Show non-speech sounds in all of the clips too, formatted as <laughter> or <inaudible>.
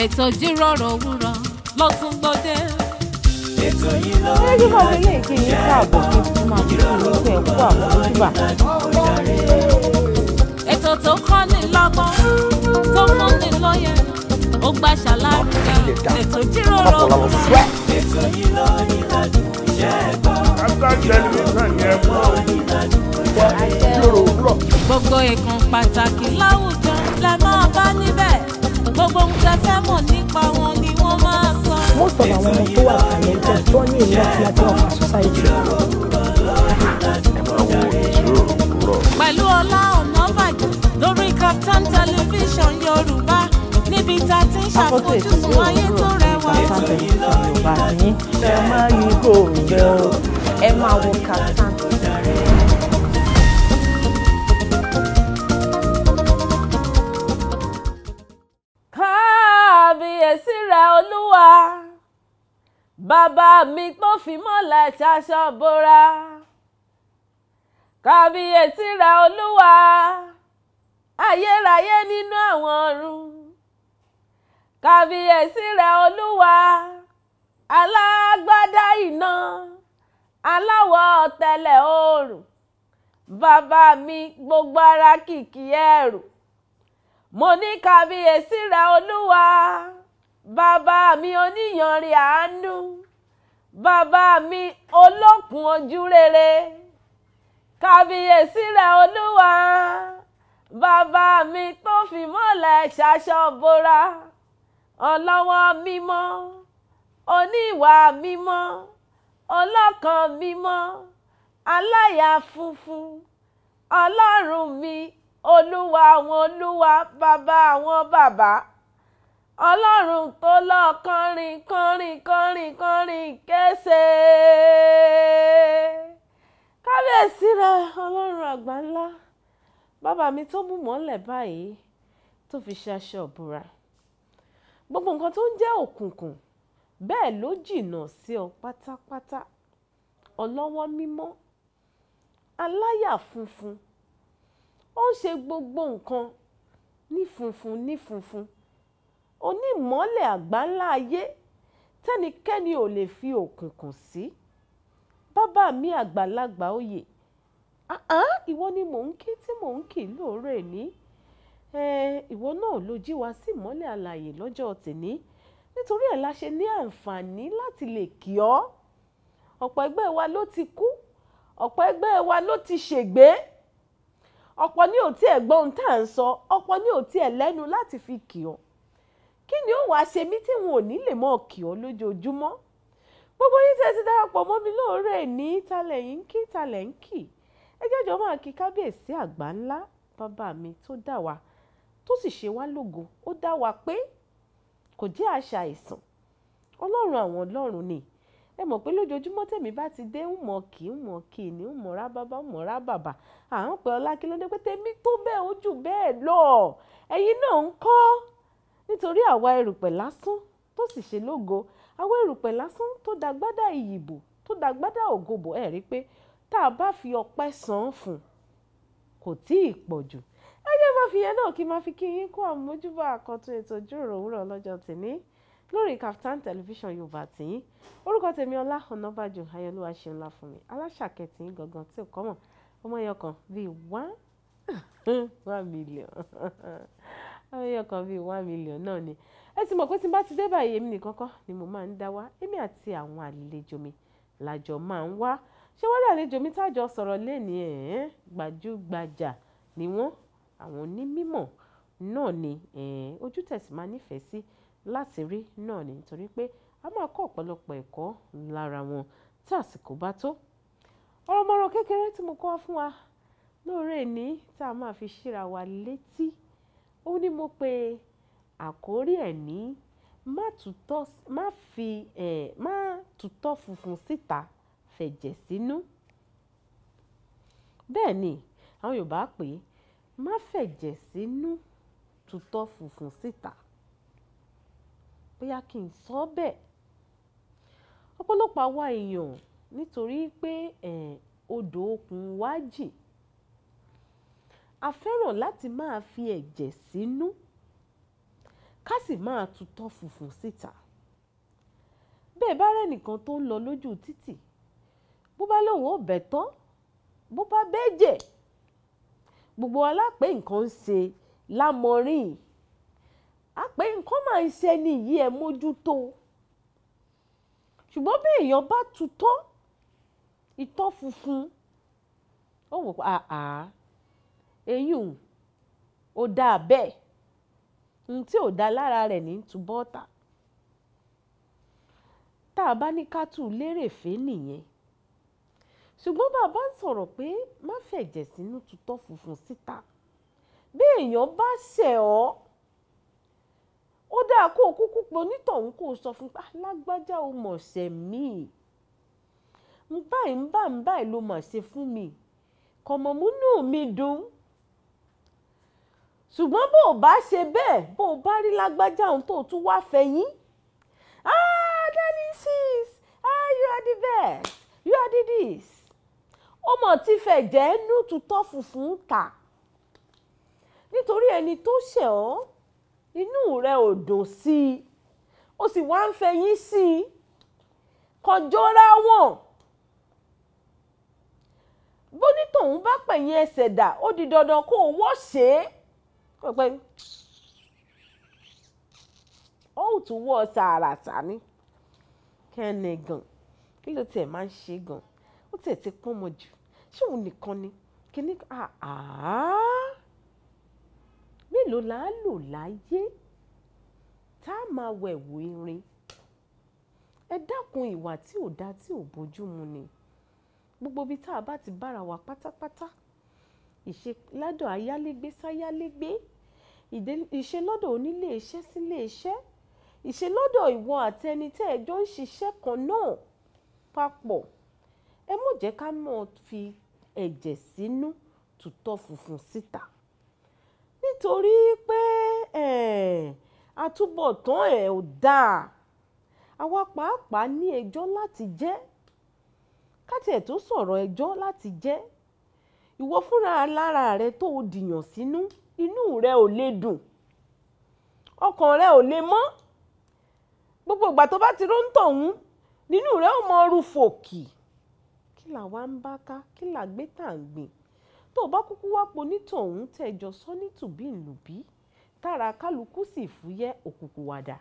ètò ìjíròrò òwúrọ̀ ló tún gbòde. ètò yìí ló ń yọ ọ́ ilé ìkí yìí káàbọ̀ kí n máa fi ìlú ẹ̀ kú àbúrúbà. ètò tó kọ́ ni lọ́gbọ́n tó fún ni lóye ó gbà ṣàlàyé ètò ìjíròrò òwúrọ̀. ètò yìí ló ń yọ ìṣẹ́ ẹ̀kọ́. tẹlifíṣàn yẹn mú wá ìjíròrò òwúrọ̀. gbogbo ìkan pàtàkì láwùjọ lẹ máa bá níbẹ̀ gbogbo ohun tá a fẹ́ mọ̀ nípa wọn ni wọ́n máa sọ. most of our ọmọ tó wà talented tó ní ìlú àti àti ọ̀fà society. pẹ̀lú Ọlá Ọ̀nàbàjọ lórí Kaftan television Yorùbá níbi tá a ti ń ṣàfojúsùn ayé tó rẹwà. ẹ máa yí wo Kaftan. olúwa bàbá mi tó fi mọ́lẹ̀ ṣaṣọ bora kàbíyèsí ra olúwa ayérayé nínú àwọn ọ̀run kàbíyèsí ra olúwa alágbádá iná aláwọ̀ tẹ̀lẹ̀ oòrùn bàbá mi gbogbo ara kìkì ẹ̀rù mo ní kàbíyèsí ra olúwa bàbá mi oníyanre àánú bàbá mi olókun ojú rere kàbíyèsí rẹ̀ olúwa bàbá mi tó fi mọ́lẹ̀ ṣaṣọ bora ọlọ́wọ́ mímọ́ oníwà mímọ́ ọlọ́kàn mímọ́ aláyà funfun ọlọ́run mi olúwa àwọn olúwa bàbá àwọn bàbá ọlọ́run tó lọ kọrin kọrin kọrin kọrin kése kábíyèsí rẹ ọlọ́run àgbà ńlá bàbá mi tó mú mọ́lẹ̀ báyìí tó fi ṣe aṣọ ìbúra gbogbo nǹkan tó ń jẹ́ òkùnkùn bẹ́ẹ̀ ló jìnnà sí ọ pátápátá ọlọ́wọ́ mímọ́ aláyà funfun ó ń ṣe gbogbo nǹkan ní funfun ní funfun. Ni funfun onímọ́lẹ̀ àgbáńlá ayé tẹ́nikẹ́ni ò lè fi òkùnkùn sí bàbá mi àgbàlagbà oyè àhán ìwọ ni mò ń kí tí mò ń kì lóore ní ìwọ náà ló jí wa sí ìmọ́lẹ̀ àlàyé lọ́jọ́ tèmi nítorí ẹ̀ la ṣe ní àǹfààní láti lè kí ọ́ ọ̀pọ̀ ẹgbẹ́ wa ló ti kú ọ̀pọ̀ ẹgbẹ́ wa ló ti ṣègbé ọ̀pọ̀ ní òtí ẹ̀ gbọ́n tá à ń sọ ọ̀pọ̀ ní òtí ẹ̀ lẹ́nu láti fi kì ọ́ kí ni ó wàá ṣe mí tí wọn ò ní lè mọ̀ kí ọ lójoojúmọ́ gbogbo yín tẹ́ ti darapọ̀ mọ́ mi lóòrè ní talẹ̀ yín kí talẹ̀ ń kì ẹ jẹ́jọ́ máa kí kábíyèsí àgbà ńlá bàbá mi tó dá wa tó sì ṣe wá lógo ó dá wa pé kò jẹ́ àṣà àìsàn ọlọ́run àwọn ọlọ́run ni ẹ mọ̀ pé lójoojúmọ́ tẹ̀mí bá ti dé ń mọ̀ kì í mọ̀ kì í ní ń mọ̀ rá bàbá ń mọ̀ rá bàbá à ń pẹ́ ọlá kí ló dé pé tẹ̀mí tó bẹ́ẹ̀ ó jù bẹ́ẹ̀ lọ ẹ̀yin náà ń kọ́ nítorí àwa erùpẹ̀ lásán tó sì ṣe lógo àwa erùpẹ̀ lásán tó dàgbádà ìyìbò tó dàgbádà ògobò ẹ̀ rí pé tá a bá fi ọpẹ́ san fún kò tí ì pọ̀ jù ẹ jẹ́ máa fi yẹn náà kí n máa fi kí yín kó àmójúbà àkọ́tún ètò ìjíròrò òwúrọ̀ lọ́jọ́ tèmi lórí Kaftan television yorùbá tìyín orúkọ tèmi Ọlá Ọ̀nàbàjò ayọ̀lúwa ṣe ńlá fún mi aláṣàkẹ́tì gangan tí ò kọ́mọ̀ ọmọ ẹyọ bíi one <laughs> one million. <laughs> ẹyọ kan bíi one million náà ni ẹ ti mọ̀ pé tí n bá ti dé báyìí èmi nìkan kọ́ ni mo máa ń dá wá èmi àti àwọn àlejò mi làjọ máa ń wá ṣé wọ́n rí àlejò mi tájọ sọ̀rọ̀ lẹ́ni ẹ̀ gbajúgbajà ni wọ́n àwọn onímọ̀ náà ni ojú tẹ̀sí máa nífẹ̀ẹ́ sí láti rí náà ni nítorí pé a máa kọ́ ọ̀pọ̀lọpọ̀ ẹ̀kọ́ lára wọn tí àsìkò bá tó ọ̀rọ̀mọ̀rọ̀ kékeré tí mo kọ́ fún wa lóore ní tá a máa fi ṣíra wa létí ó ní mo pe àkórí ẹ̀ ní má fi eh, má tutọ́ funfun síta fẹ̀jẹ̀ sínú. bẹ́ẹ̀ ni àwọn Yorùbá pè é má fẹ̀jẹ̀ sínú tutọ́ funfun síta bóyá kí n sọ bẹ́ẹ̀ ọ̀pọ̀lọpọ̀ àwa èèyàn nítorí pé odò òkun wa a fẹ́ràn láti máa fi ẹ̀jẹ̀ sínú ká sì máa tutọ́ funfun síta. bẹ́ẹ̀ bá rẹ̀ nìkan tó ń lọ lójú títì bó bá lóun ò bẹ̀ tán bó bá bẹ́jẹ̀ gbogbo alápè nǹkan ń ṣe lámọ̀rìn àpè nǹkan máa ń ṣe ni yìí ẹ mójútó ṣùgbọ́n bí èèyàn bá tutọ́ itọ́ funfun ó wò pé àá eyín ò dáa bẹ́ẹ̀ ohun tí ò dáa lára rẹ̀ ní túbọ̀ tà tá a bá ní ká tù lérè fẹ́ nìyẹn ṣùgbọ́n bàbá sọ̀rọ̀ pé má fẹ̀jẹ̀ sínú tutọ́ funfun síta bí èèyàn bá ṣẹ̀ ọ́ ó dáa kó o kúkú pé onítọ̀hún kó o sọ fún pa ah, lágbájá o mọ̀ ṣẹ̀ mí ń báyìí ń bá ń báyìí ló mà ṣe fún mi kọ̀mọ̀múnú mi dùn ṣùgbọ́n bó o bá ṣe bẹ́ẹ̀ bó o bá rí lágbájá ohun tó o tún wá fẹ̀yìn. ah darling sis ah you are the best you are the best ó mọ̀ tí fẹ̀ jẹ́ nútú tọ́fù fún ta nítorí ẹni tó ṣẹ̀ ọ́ inú rẹ̀ ò dùn sí i ó sì wá ń fẹ̀yìn sí i kọjọ́ra wọn bóní tòun bá pẹ̀yìn ẹsẹ̀ dà ó di dandan kó o wọ́ ṣe é kó o pé ó tún wọ́ tààràtà ní kẹ́ni gan kí ló tiẹ̀ máa ń ṣe gan ó tiẹ̀ ti pọ́n mọ jù ṣé òun nìkan ni kíní mélòó la á lò láyé tá a máa wẹ̀wò irin ẹ dákun ìwà tí ò dáa tí ò bójúmu ni gbogbo ibi tá a bá ti bára wa pátápátá ìṣe ládọ̀ ayálégbé sáyálégbé. Sa ìṣelọ́dọ̀ onílé iṣẹ́ sílé iṣẹ́ ìṣelọ́dọ̀ ìwọ àtẹni tẹ́ ẹ jọ ń ṣiṣẹ́ kan náà papọ̀ ẹ mọ̀ jẹ́ ká mọ̀ fi ẹ̀jẹ̀ sínú tutọ́ funfun síta nítorí pé àtúbọ̀tán ẹ̀ ò dáa àwa pàápàá ní ẹjọ́ láti jẹ́ kátẹ̀ tó sọ̀rọ̀ ẹjọ́ láti jẹ́ ìwọ fúnra lára rẹ tó o dìyàn sínú. Si inú rẹ ò lè dùn ọkàn rẹ ò lè mọ́ gbogbo ìgbà tó bá ti ró ń tọ̀hún nínú rẹ ò mọ ọrù fòkì kí là wá ń bá ká kí là gbé tà ń gbìn tó o bá kúkú wá po nítọ̀hún tẹ̀jọ sọ nítùbí ìlùbí tára kálukú sì fúyẹ́ òkùnkùn wàdà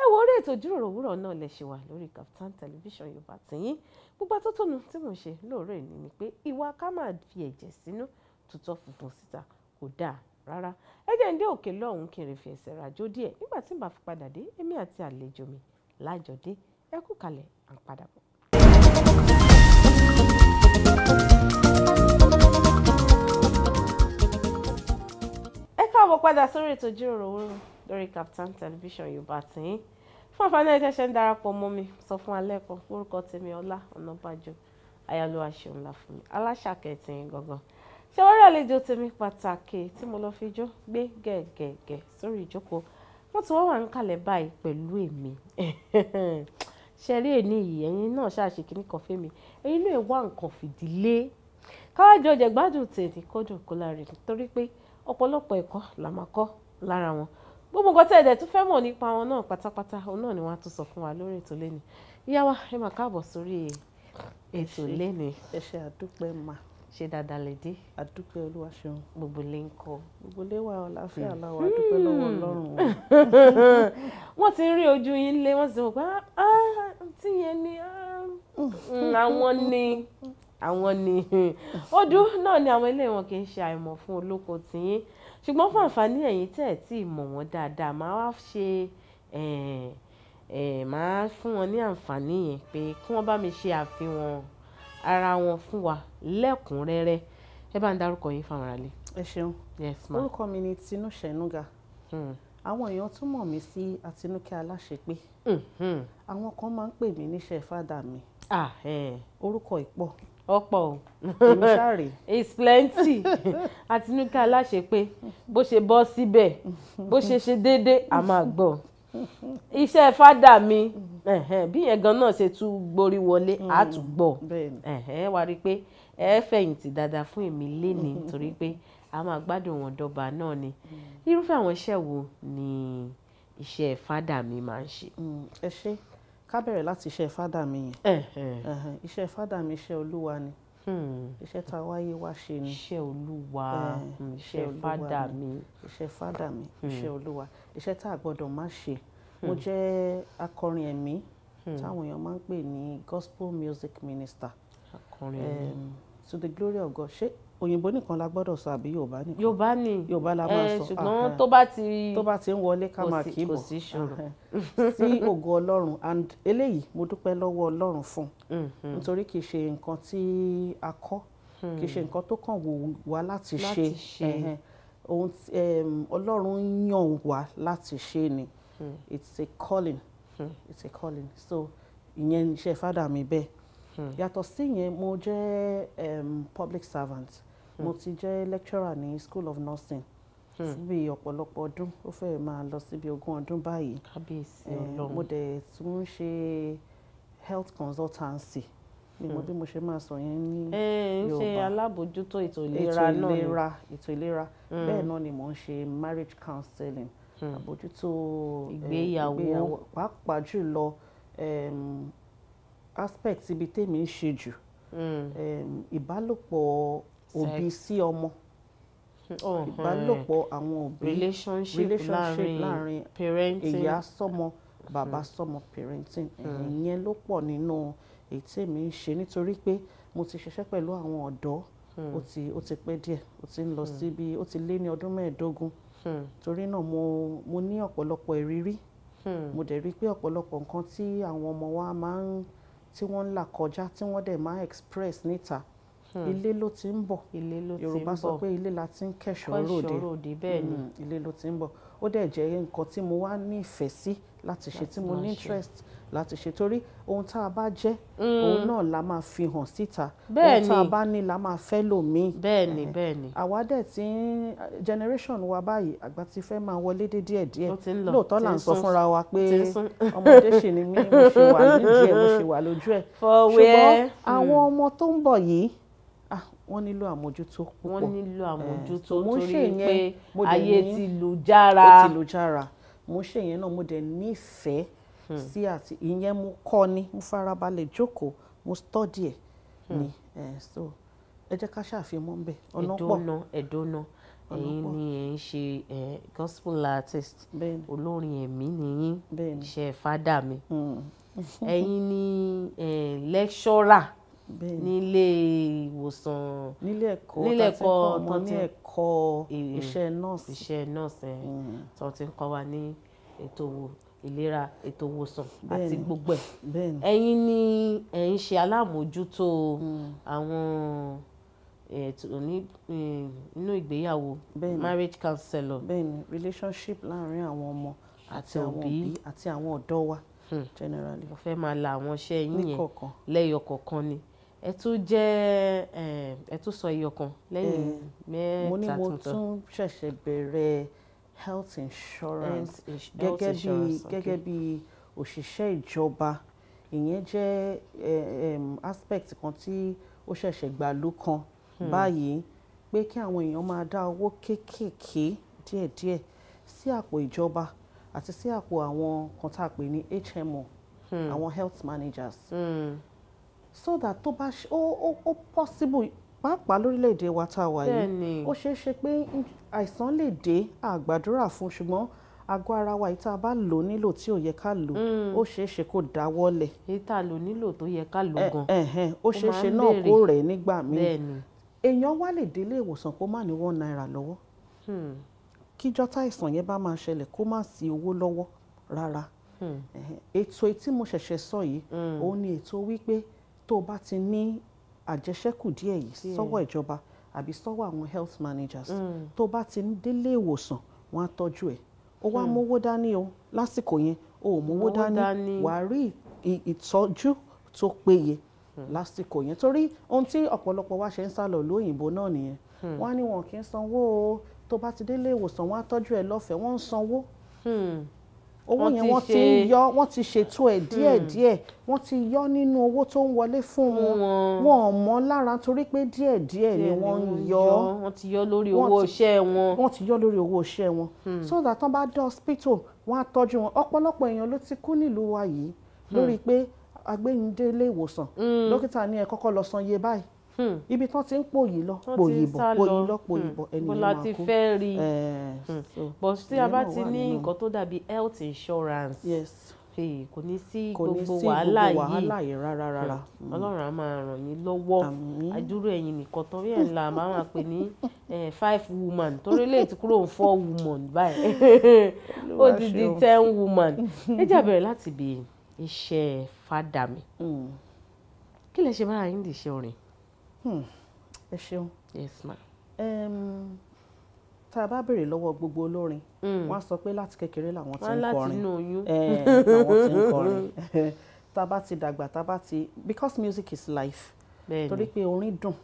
ẹ wo orí ètò ìjíròrò òwúrọ̀ náà lè ṣe wà lórí Kaftan television yorùbá tìyín gbogbo atótónu tí mò ṣe lóòrè ní ni pé ìwà ká máa fi ẹ̀jẹ̀ sínú tutọ́ funfun síta kò dáa rárá ẹ jẹ́ ń dé òkè lọ́hùn kí n rè fi ẹsẹ̀ rajó díẹ̀ nígbà tí n fi padà dé èmi àti àlejò mi lájọdé ẹ kú kalẹ̀ à ń padà bọ̀. ẹ káàbọ̀ padà sórí ètò ìjíròrò òwúrọ̀ lórí Kaftan television yorùbá tìyín fún àǹfààní ẹ̀jẹ̀ ń darapọ̀ mọ́ mi sọ fún alẹ́ kan orúkọ tèmi Ọlá Ọ̀nàbàjọ ayálò ńlá fún mi aláṣà kẹtìn gangan ṣé wọ́n rí àlejò tèmi pàtàkì tí mo lọ fi jó gbé gẹ̀gẹ̀gẹ̀ sórí ìjókòó wọ́n ti wọ́n wà ń kalẹ̀ báyìí pẹ̀lú èmi <laughs> ṣe rí èní yìí ẹ̀yin náà ṣàṣe kìíní kan fẹ́mi ẹ̀yin náà wá nǹkan fìdílé káwájú ọjà gbádùn tèmi kódùn kó láre nítorí pé ọ̀pọ̀lọpọ̀ ẹ̀kọ́ là máa kọ́ lára wọn gbogbo nǹkan tẹ̀ ẹ̀dẹ̀ tún fẹ́ mọ̀ nípa wọn náà pátápátá òun náà ni wọ́n á tún sọ fún wa lórí ètò lẹ́nu ìyá wa ẹ máa káàbọ̀ sórí ètò lẹ́nu. ẹ ṣe àdúpẹ́ máa ṣe dáadáa lè dé. àdúpẹ́ olúwa ṣeun. gbogbo ilé ń kọ́. gbogbo ilé wa ọ̀làfẹ́ aláwọ̀ àdúpẹ́ hmm. lọ́wọ́ ọlọ́run o. <laughs> wọ́n ti ń rí ojú yín lé wọ́n ti rò pé ah, ah, tí yẹn ni ah, hmm, àwọn ni àwọn ni ọdún <laughs> náà ni àwọn ilé wọn kì í ṣe àìmọ̀ fún olóko tiyín ṣùgbọ́n fún àǹfààní ẹ̀yin tẹ́ tí ì mọ̀ dáadáa máa wá ṣe máa fún wọn ní àǹfààní yẹn pé kí wọ́n bá mi ṣe àfihàn ara wọn fún wa lẹ́kùnrẹ́rẹ́ ẹ bá ń dárúkọ yín fáwọn aráàlú. ẹ ṣeun orúkọ mi ni Tinú Ṣẹ̀núga hmm. àwọn èèyàn tún mọ̀ mí sí Àtinúkẹ́ Aláṣepé mm-hmm. àwọn kan máa ń pè mí níṣẹ́ fádà mi orúkọ ìpọ̀ ọ̀pọ̀ o <laughs> it's plenty Àtinúkẹ́ <laughs> Aláṣepé bó ṣe bọ́ síbẹ̀ bó ṣe ṣe déédéé a máa gbọ́ iṣẹ́ fádà mi bí ẹ̀gàn náà ṣe tún gborí wọlé á mm, tún gbọ́ ẹ wá rí i pé ẹ fẹ̀yìntì dáadáa fún èmi lénìí <laughs> torí pé a máa gbádùn wọn dọ́ba náà ni mm. irúfẹ́ àwọn iṣẹ́ wo ni iṣẹ́ fádà mi máa ń ṣe. Mm, ẹ ṣe ká bẹ̀rẹ̀ láti iṣẹ́ fádà mi yẹn iṣẹ́ fádà mi iṣẹ́ olúwa ni hmm. iṣẹ́ tá a wáyé wá ṣe ni iṣẹ́ olúwa hmm, iṣẹ́ fádà mi iṣẹ́ fádà mi hmm. iṣẹ́ olúwa iṣẹ́ tá a gbọ́dọ̀ má ṣe mo hmm. jẹ́ akọrin ẹ̀mí hmm. táwọn èèyàn máa ń pè ní gospel music minister akọrin to the glory of God ṣé òyìnbó nìkan la gbọ́dọ̀ sọ àbí yorùbá nìkan yorùbá ni yorùbá la máa eh, sọ ṣùgbọ́n tó bá ti tó bá ti ń wọlé ká máa kì í sí ògo ọlọ́run and eléyìí mo dúpẹ́ lọ́wọ́ ọlọ́run fún mm-hmm. nítorí kì í ṣe nǹkan tí a kọ́ hmm. kì í ṣe nǹkan tó kàn wò wá láti ṣe ohun yàn wá láti ṣe ni. Hmm. Hmm. it's a calling hmm. it's a calling so ìyẹn iṣẹ́ fádà mi bẹ́ẹ̀ hmm. yàtọ̀ sí yẹn mo jẹ́ um, public servant mo ti jẹ́ lecturer ní school of nursing síbi ọ̀pọ̀lọpọ̀ ọdún ó fẹ́ máa lọ síbi ogún ọdún báyìí kábíyèsí ọlọ́run mo dẹ̀ tún ṣe health consultancy Ni mọ̀ bí mo ṣe máa sọ yẹn ní yorùbá ṣe alábòójútó ètò ìlera náà ètò ìlera ètò ìlera bẹ́ẹ̀ náà ni mò ń ṣe marriage counseling Hmm. àbójútó eh, ìgbéyàwó pàápàá jùlọ ehm, aspect ibi tèmi ń ṣe jù hmm. ehm, ìbálòpọ̀ òbí sí ọmọ ìbálòpọ̀ àwọn òbí relationship láàrin ìyá sọ́mọ bàbá hmm. sọ́mọ parenting ìyẹn ló pọ̀ nínú èyí tèmi ń ṣe nítorí pé mo ti ṣiṣẹ́ pẹ̀lú àwọn ọ̀dọ́ ó ti ó ti pẹ́ díẹ̀ ó ti ń lọ sí bí ó ti lé ní ọdún mẹ́ẹ̀ẹ́dógún Hmm. torí náà mo mo ní ọ̀pọ̀lọpọ̀ ìrírí hmm. mo dẹ̀ rí i pé ọ̀pọ̀lọpọ̀ nǹkan tí àwọn ọmọ wa máa ń tí wọ́n ń là kọjá tí wọ́n dẹ̀ máa ń express níta hmm. ilé ló ti ń bọ̀ ilé ló ti ń bọ̀ Yorùbá sọ pé ilé la ti ń kẹ̀ṣọ́ ròde ilé ló ti ń bọ̀ ó dẹ̀ jẹ́ nǹkan tí mo wá ní sí láti ṣe tí mo ní interest láti ṣe torí ohun tá a bá jẹ́ mm. òun náà la máa fi hàn síta ohun tá a bá ní la máa fẹ́ lòmíì. bẹ́ẹ̀ni bẹ́ẹ̀ni. àwa dẹ̀ ti ń generation wa báyìí àgbà ti fẹ́ máa wọlé dé díẹ̀ díẹ̀ lóòótọ́ là ń sọ fúnra wa pé ọmọdé ṣì ni mí mo ṣe wà nídìí ẹ̀ mo ṣe wà lójú ẹ̀ ṣùgbọ́n hmm. àwọn ọmọ tó ń bọ̀ yìí ah, wọ́n nílò àmójútó púpọ̀ wọ́n nílò àmójútó torí pé ayé ti lù jára ó ti lù jára mo ṣe yẹn náà mo dẹ̀ nífẹ̀ẹ́ Hmm. sí àti ìyẹn mo kọ́ ni mo farabalẹ̀ jókòó mo study ẹ̀ hmm. ni so ẹ jẹ́ ká ṣàfihàn bẹ́ẹ̀ ọ̀nà pọ̀ ẹ̀dọ́nà ẹ̀dọ́nà ẹ̀yin ni ẹ̀ ń ṣe gospel artist olórin ẹ̀mí nìyín iṣẹ́ fádà mi hmm. <laughs> ẹ̀yin ni lecturer nílé ìwòsàn nílé ẹ̀kọ́ nílé ẹ̀kọ́ ọmọ ní ẹ̀kọ́ eh, iṣẹ́ nọ́ọ̀sì iṣẹ́ nọ́ọ̀sì tó ti ń kọ́ wa ní ètò wo ìlera ètò ìwòsàn àti gbogbo ẹ̀ ẹ̀yin ni ẹ̀ ń ṣe alámòójútó hmm. àwọn inú ìgbéyàwó marriage counselor. bẹ́ẹ̀ni relationship láàárín àwọn ọmọ àti àwọn òbí àti àwọn ọ̀dọ́ wa hmm. generally. mo fẹ́ máa la àwọn iṣẹ́ yín yẹn lẹ́yọ kọ̀ọ̀kan ni ẹ tún jẹ́ ẹ tún sọ ẹyọ kan lẹ́yìn tuntun. mo ní mo tún ṣẹ̀ṣẹ̀ bẹ̀rẹ̀ health insurance gẹ́gẹ́ bí gẹ́gẹ́ bí òṣìṣẹ́ ìjọba ìyẹn jẹ́ aspect kan tí ó ṣẹ̀ṣẹ̀ gbà ló kan hmm. báyìí pé kí àwọn èèyàn máa dá owó kéékèèké díẹ̀díẹ̀ sí àpò ìjọba àti sí àpò àwọn kan tá a pè ní HMO àwọn health managers hmm. so that tó bá ó ó possible pàápàá lórílẹ̀‐èdè wa tá a wà yìí ó ṣeé ṣe pé àìsàn lè dé àgbàdúrà fún ṣùgbọ́n àgọ́ ara wa ìta bá lò nílò tí ò yẹ ká lò ó mm. ṣeé ṣe kó dáwọ́lẹ̀. ìta lò nílò tó yẹ ká lò gan. ó ṣeé ṣe náà kó rẹ̀ nígbà míì èèyàn wá lè délé ìwòsàn kó má ní one naira lọ́wọ́ hmm. kíjọ́ táìsàn yẹn bá máa ṣẹlẹ̀ kó má sí owó lọ́wọ́ rárá hmm. ètò tí mo ṣẹ̀ṣẹ̀ sọ yìí hmm. òun ni ètò wípé tó o bá ti ní àjẹṣẹ́kù díẹ̀ yìí sọ́wọ́ ìjọba àbí sọ́wọ́ àwọn health managers mm. tó bá ti ń délé ìwòsàn wọ́n á tọ́jú ẹ̀ ó wá mm. mówó dání o lásìkò yẹn o ò mówó dání wàá rí ìtọ́jú tó péye mm. lásìkò yẹn torí ohun tí ọ̀pọ̀lọpọ̀ wa ṣe ń sálọ lóyìnbó náà nìyẹn wọ́n á ní wọn kì í sanwó o tó bá ti délé ìwòsàn wọ́n á tọ́jú ẹ̀ lọ́fẹ̀ẹ́ wọ́n ń sanwó owó yẹn wọ́n ti ń yọ wọ́n ti ṣètò ẹ̀ díẹ̀díẹ̀ hmm. wọ́n ti yọ nínú owó tó ń wọlé fún wọn wọn ò mọ́ lára torí pé díẹ̀díẹ̀ ni wọ́n ń yọ wọ́n ti yọ lórí owó iṣẹ́ wọn wọ́n ti yọ lórí owó iṣẹ́ wọn hmm. so that wọ́n bá dé hospital wọ́n á tọ́jú wọn ọ̀pọ̀lọpọ̀ èèyàn ló ti kú nílùú wa yìí hmm. lórí pé agbẹ́yìndé ilé ìwòsàn dókítà ní ẹ kọ́kọ́ lọ san iye báyìí Hmm. ibi tán ti ń pòyì lọ pòyì bọ̀ pòyì lọ pòyì hmm. bọ̀ ẹni yẹn máa kú. mo la ti fẹ́ rí i hmm. but tí a bá ti ní nǹkan tó dàbí health insurance kò ní sí gbogbo wàhálà yìí rárá rárá ọlọ́run á máa ràn yín lọ́wọ́ àdúró ẹ̀yin nìkan torí ẹ̀ la máa máa pè ní five woman torí lè ti kúrò four woman báyìí ó ti di ten woman <laughs> ẹ jà bẹ̀rẹ̀ láti bí iṣẹ́ fada mi kí lẹ ṣe bára yín di iṣẹ́ orin. Hmm, ẹ ṣeun. yes ma. Um, tá a bá béèrè lọ́wọ́ gbogbo olórin hmm. wọ́n á sọ pé láti kékeré làwọn ti <laughs> ń kọrin <laughs> tá a bá ti dàgbà tá a bá ti because music is life torí pé orin dùn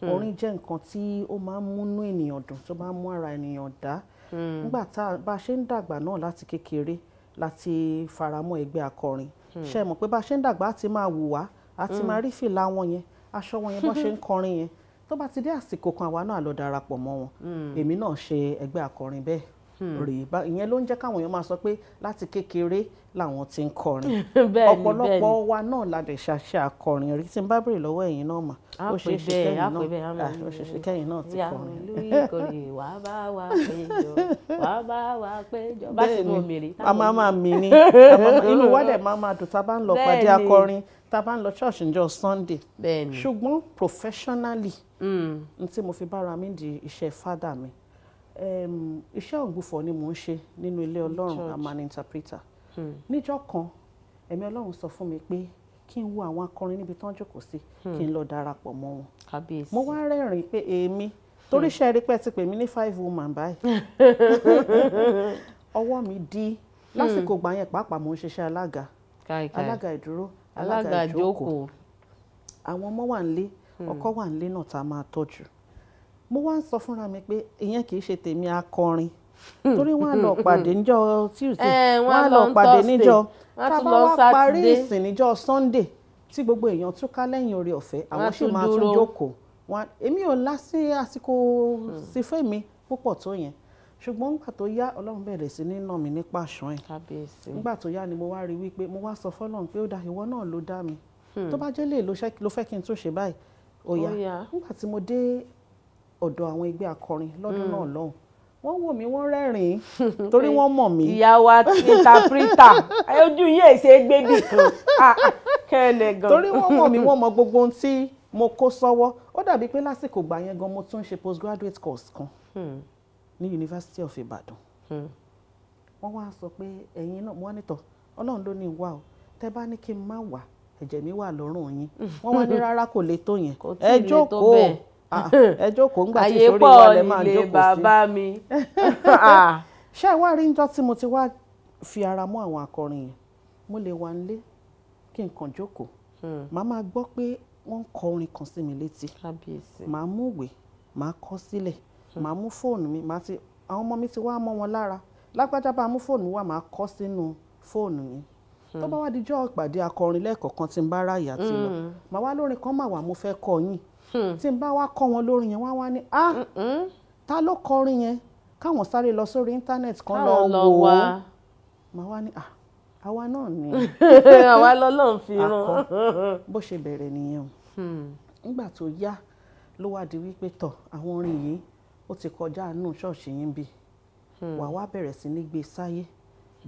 hmm. orin jẹ́ nǹkan tí ó máa ń múnú ènìyàn dùn tó máa ń mú ara ènìyàn dá nígbà tá a bá ṣe ń dàgbà náà láti kékeré láti faramọ́ ẹgbẹ́ akọrin ṣe mọ̀ pé bá a ṣe ń dàgbà á ti máa wù wá á ti máa rí fìlà wọn yẹn aṣọ wọn yẹn bọ́n ṣe ń <laughs> kọrin yẹn tó bá ti dé àsìkò kan àwa náà lọ darapọ̀ mọ́ wọn hmm. èmi náà ṣe ẹgbẹ́ akọrin bẹ́ẹ̀ Hmm. rèé ìyẹn ló ń jẹ́ káwọn èèyàn máa sọ pé láti kékeré làwọn ti ń kọrin <laughs> ọ̀pọ̀lọpọ̀ wa náà la dẹ̀ ṣàṣà akọrin rí tí n bá bèrè lọ́wọ́ ẹ̀yin náà mà ó ṣe ṣe kẹ́yìn náà ó ṣe ṣe kẹ́yìn náà ti kọrin. ìyá ìkórè wà á bá wa péjọ wà á bá wa péjọ bá sì mú mi rí. <laughs> a máa máa mì ní inú wa dẹ̀ máa máa dùn tá a bá ń lọ pàdé akọrin tá a bá ń lọ church ǹjọ́ sunday ṣùgbọ́n professionally hmm. n tí mo fi bára mi di iṣẹ́ fádà mi iṣẹ́ ògbufọ̀ ni mò ń ṣe nínú ilé ọlọ́run i'm an interpreter hmm. níjọ́ kan ẹ̀mí ọlọ́run sọ fún mi pé kí n wo àwọn akọrin níbi tán jókòó sí kí n hmm. lọ darapọ̀ mọ́ wọn mo wá rẹ́rìn-ín pé èmi hmm. torí ṣe rí pẹ́ ti pè mí ní five woman báyìí <laughs> ọwọ́ mi di lásìkò gbà yẹn pàápàá mò ń ṣiṣẹ́ alága alága ìdúró alága ìjókòó àwọn ọmọ wà nílé ọkọ wà nílé náà tá a máa tọ́jú mo wá ń sọ fúnra mi pé ìyẹn kì í ṣe tèmi akọrin hmm. torí wọn á lọ pàdé níjọ́ tuesday eh, wọn á lọ pàdé níjọ́ tábà wá parí ìsìn níjọ́ sunday tí gbogbo èèyàn túká lẹ́yìn oore ọ̀fẹ́ àwọn sì máa tún jókòó wọn èmi ò lá sí àsìkò hmm. sí fún mi púpọ̀ tó yẹn ṣùgbọ́n nígbà tó yá ọlọ́run bẹ̀rẹ̀ sí ní nà mí ní pàṣán ẹ̀ nígbà tó yá ni mo wá rí wípé mo wá sọ fọlọ́run pé ó dá ìwọ náà ló dá mi hmm. tó bá jẹ́ lè ló fẹ́ kí n tún ṣe báyìí ó yá nígbà tí mo dé ọ̀dọ̀ àwọn ẹgbẹ́ akọrin lọ́dún náà hmm. lọ́hùn wọ́n wò mí wọ́n rẹ́rìn-ín <laughs> torí wọ́n mọ̀ mí. ìyàwó interpreter <laughs> ojú yìí èsè gbébì kan ah, ah, kẹ́lẹ̀ gan. torí wọ́n mọ̀ mí <laughs> wọ́n mọ gbogbo ohun tí mo kó sọ́wọ́ ó dàbí pé lásìkò gbà yẹn gan mo tún ṣe postgraduate course kan hmm. ní University of Ibadan hmm. wọ́n wá sọ pé ẹ̀yin náà wọ́n nìtọ̀ Ọlọ́run ló ní wá o tẹ́ bá ní kí n má wà ẹ̀jẹ̀ mi wà lọ́rùn yín wọ́n wá ní rárá kò lè tó yẹn ẹ jókòó Ah, <laughs> hmm. ẹ jókòó ńgbà tí ìṣòrí wa lẹ máa jókòó sí. àyè pọ̀ nílé bàbá mi. <laughs> Ah. ṣé ìwà rí njọ́ tí mo ti wá fi ara mọ́ àwọn akọrin yẹn mo lè wà nílé kí n kàn jókòó hmm. màá máa gbọ́ pé wọ́n ń kọ orin kan sí mi létí màá mú ìwé màá kọ sílẹ̀ hmm. màá mú fóònù mi màá ti àwọn ọmọ mi ti wá mọ́ wọn lára lágbájá bá mú fóònù wá màá kọ sínú fóònù yẹn tó bá wá dijọ́ ìpàdé akọrin lẹ́ẹ̀kọ̀kan tí n bá ráàyè àti lọ màá wá lórin kan mà wà mo fẹ́ kọ yín Hmm. tí n bá wá kọ́ wọn lórin yẹn wá wá ní ah ta ló kọrin yẹn káwọn sáré lọ sórí íńtánẹ́ẹ̀tì kan lọ wò ó màá wá ní ah àwa náà ni <laughs> àwa lọ́lọ́run fi ràn akọ bó ṣe bẹ̀rẹ̀ nìyẹn o hmm. nígbà tó yá ló wá di wípé tọ̀ àwọn orin yìí ó ti kọjá inú ṣọ́ọ̀ṣì yín bí hmm. wàá wá bẹ̀rẹ̀ sí ní gbé sáyé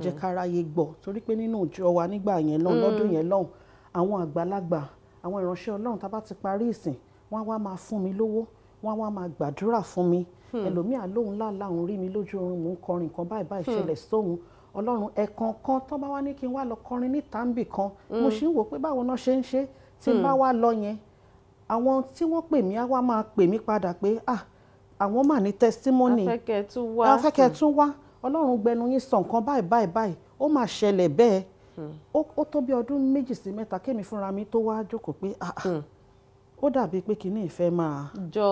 jẹ́ káráyé gbọ́ torí pé nínú ìjọ wa nígbà yẹn lọ́dún yẹn lọ́hùn àwọn àgbàlagbà àwọn ìránṣẹ́ Ọlọ́run tá a bá ti parí ìsìn wọ́n á wá máa fún mi lówó wọ́n á wá máa gbàdúrà fún mi hmm. ẹlòmíà lóhun láàlá òun rí mi lójú oorun mò ń kọrin nǹkan báyìí báyìí hmm. ṣẹlẹ̀ sóhun ọlọ́run ẹ̀ẹ̀kan kan tó bá wá ní kí n wá lọ kọrin níta ń bì kan hmm. mo sì ń wò pé báwo náà ṣe ń ṣe tí n bá wá lọ yẹn àwọn tí wọ́n pè mí á wá máa pè mí padà pé ah àwọn mà ní testimony afẹ́kẹ́ tún wá ọlọ́run gbẹnu yín sọ nǹkan báyìí báyìí báyìí ó máa ṣẹlẹ̀ bẹ́ẹ̀ ó tó bí ọdún méjì sí mẹ́ta kémi fúnra mi tó wá jókòó pé ah ó dàbí pé kinní ìfẹ́ máa jọ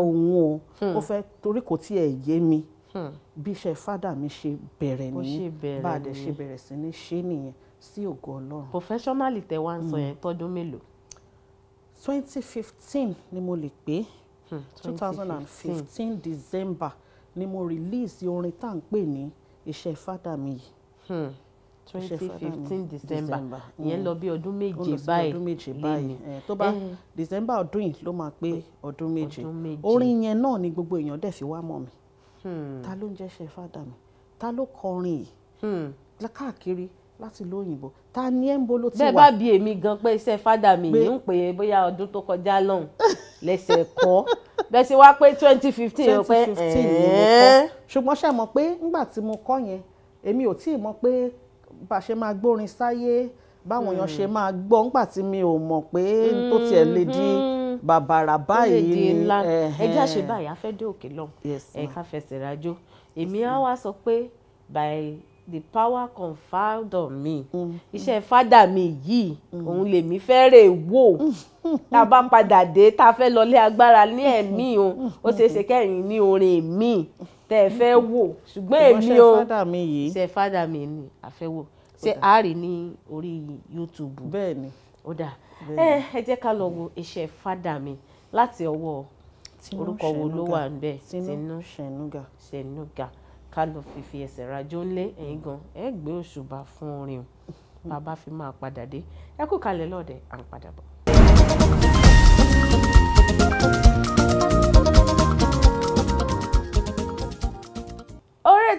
òun o hmm. ó fẹ́ torí kò tiẹ̀ yé mi hmm. bí iṣẹ́ fádà mi ṣe bẹ̀rẹ̀ nìyẹn bá a dẹ̀ ṣe bẹ̀rẹ̀ sí ní ṣe nìyẹn sí ògo ọlọ́run. professionally tẹ wá ń sọ hmm. yẹn tọdún mélòó. twenty fifteen ni mo lè pé two thousand and fifteen december ni mo release orin tá à ń pè ní iṣẹ́ fádà mi yìí. Hmm twenty fifteen december mm. ìyẹn lọ bí ọdún méje báyìí ọdún méje báyìí tó bá december ọdún yìí ló máa pé ọdún méje orin yẹn náà ni gbogbo èèyàn dẹ̀ fi wá mọ̀ mi hmm. ta ló ń jẹ́ ṣe fada mi ta ló kọrin yìí hmm. káàkiri láti ìlú òyìnbó ta ni ẹ ń bolo ti wà. bẹ́ẹ̀ bá bi èmi gan pé iṣẹ́ fada mi ń pè é bóyá ọdún tó kọjá lọ́hùn lẹ́sẹ̀ kọ́ bẹ́ẹ̀ sì wá pé twenty fifteen yẹn pé ẹ̀ẹ́. ṣùgbọ́n ṣe mọ̀ pé ńgbà tí mo kọ́ yẹn èmi ò tí mọ̀ pé bá máa gbórin sáyé báwọn èèyàn ṣe hmm. máa gbọ́ ńgbà tí mi ò mọ̀ pé tó tiẹ̀ lè di hmm. bàbàrà báyìí ni ẹjẹ́ àṣẹ báyìí a òkè lọ ẹ̀ka fẹsẹ̀ rájò èmi á wá sọ pé by the power conferred on me mm. iṣẹ́ fádà mi yìí mm. òun lèmi fẹ́ wò <laughs> tá a bá ń padà dé tá a fẹ́ lọlé agbára ní ẹ̀mí o ó ṣeé mm. ṣe ní orin mi <laughs> tẹ́ ẹ fẹ́ mm-hmm. wò ṣùgbọ́n èmi o ṣe fada mi ni àfẹ́ wò ṣe àárín ní orí YouTube bẹ́ẹ̀ni ó dà ẹ ẹ jẹ́ ká lọ wo iṣẹ́ fada mi láti ọwọ́ orúkọ wo ló wà níbẹ̀ Tinú Ṣẹ̀núgà Ṣẹ̀núgà ká lọ fìfì ẹsẹ̀ rajó ńlé ẹ̀yìn gan ẹ gbé òṣùbà fún orin o mm-hmm. bàbá fi máa padà dé ẹ kú kalẹ̀ lọ́dẹ̀ à ń padà bọ̀.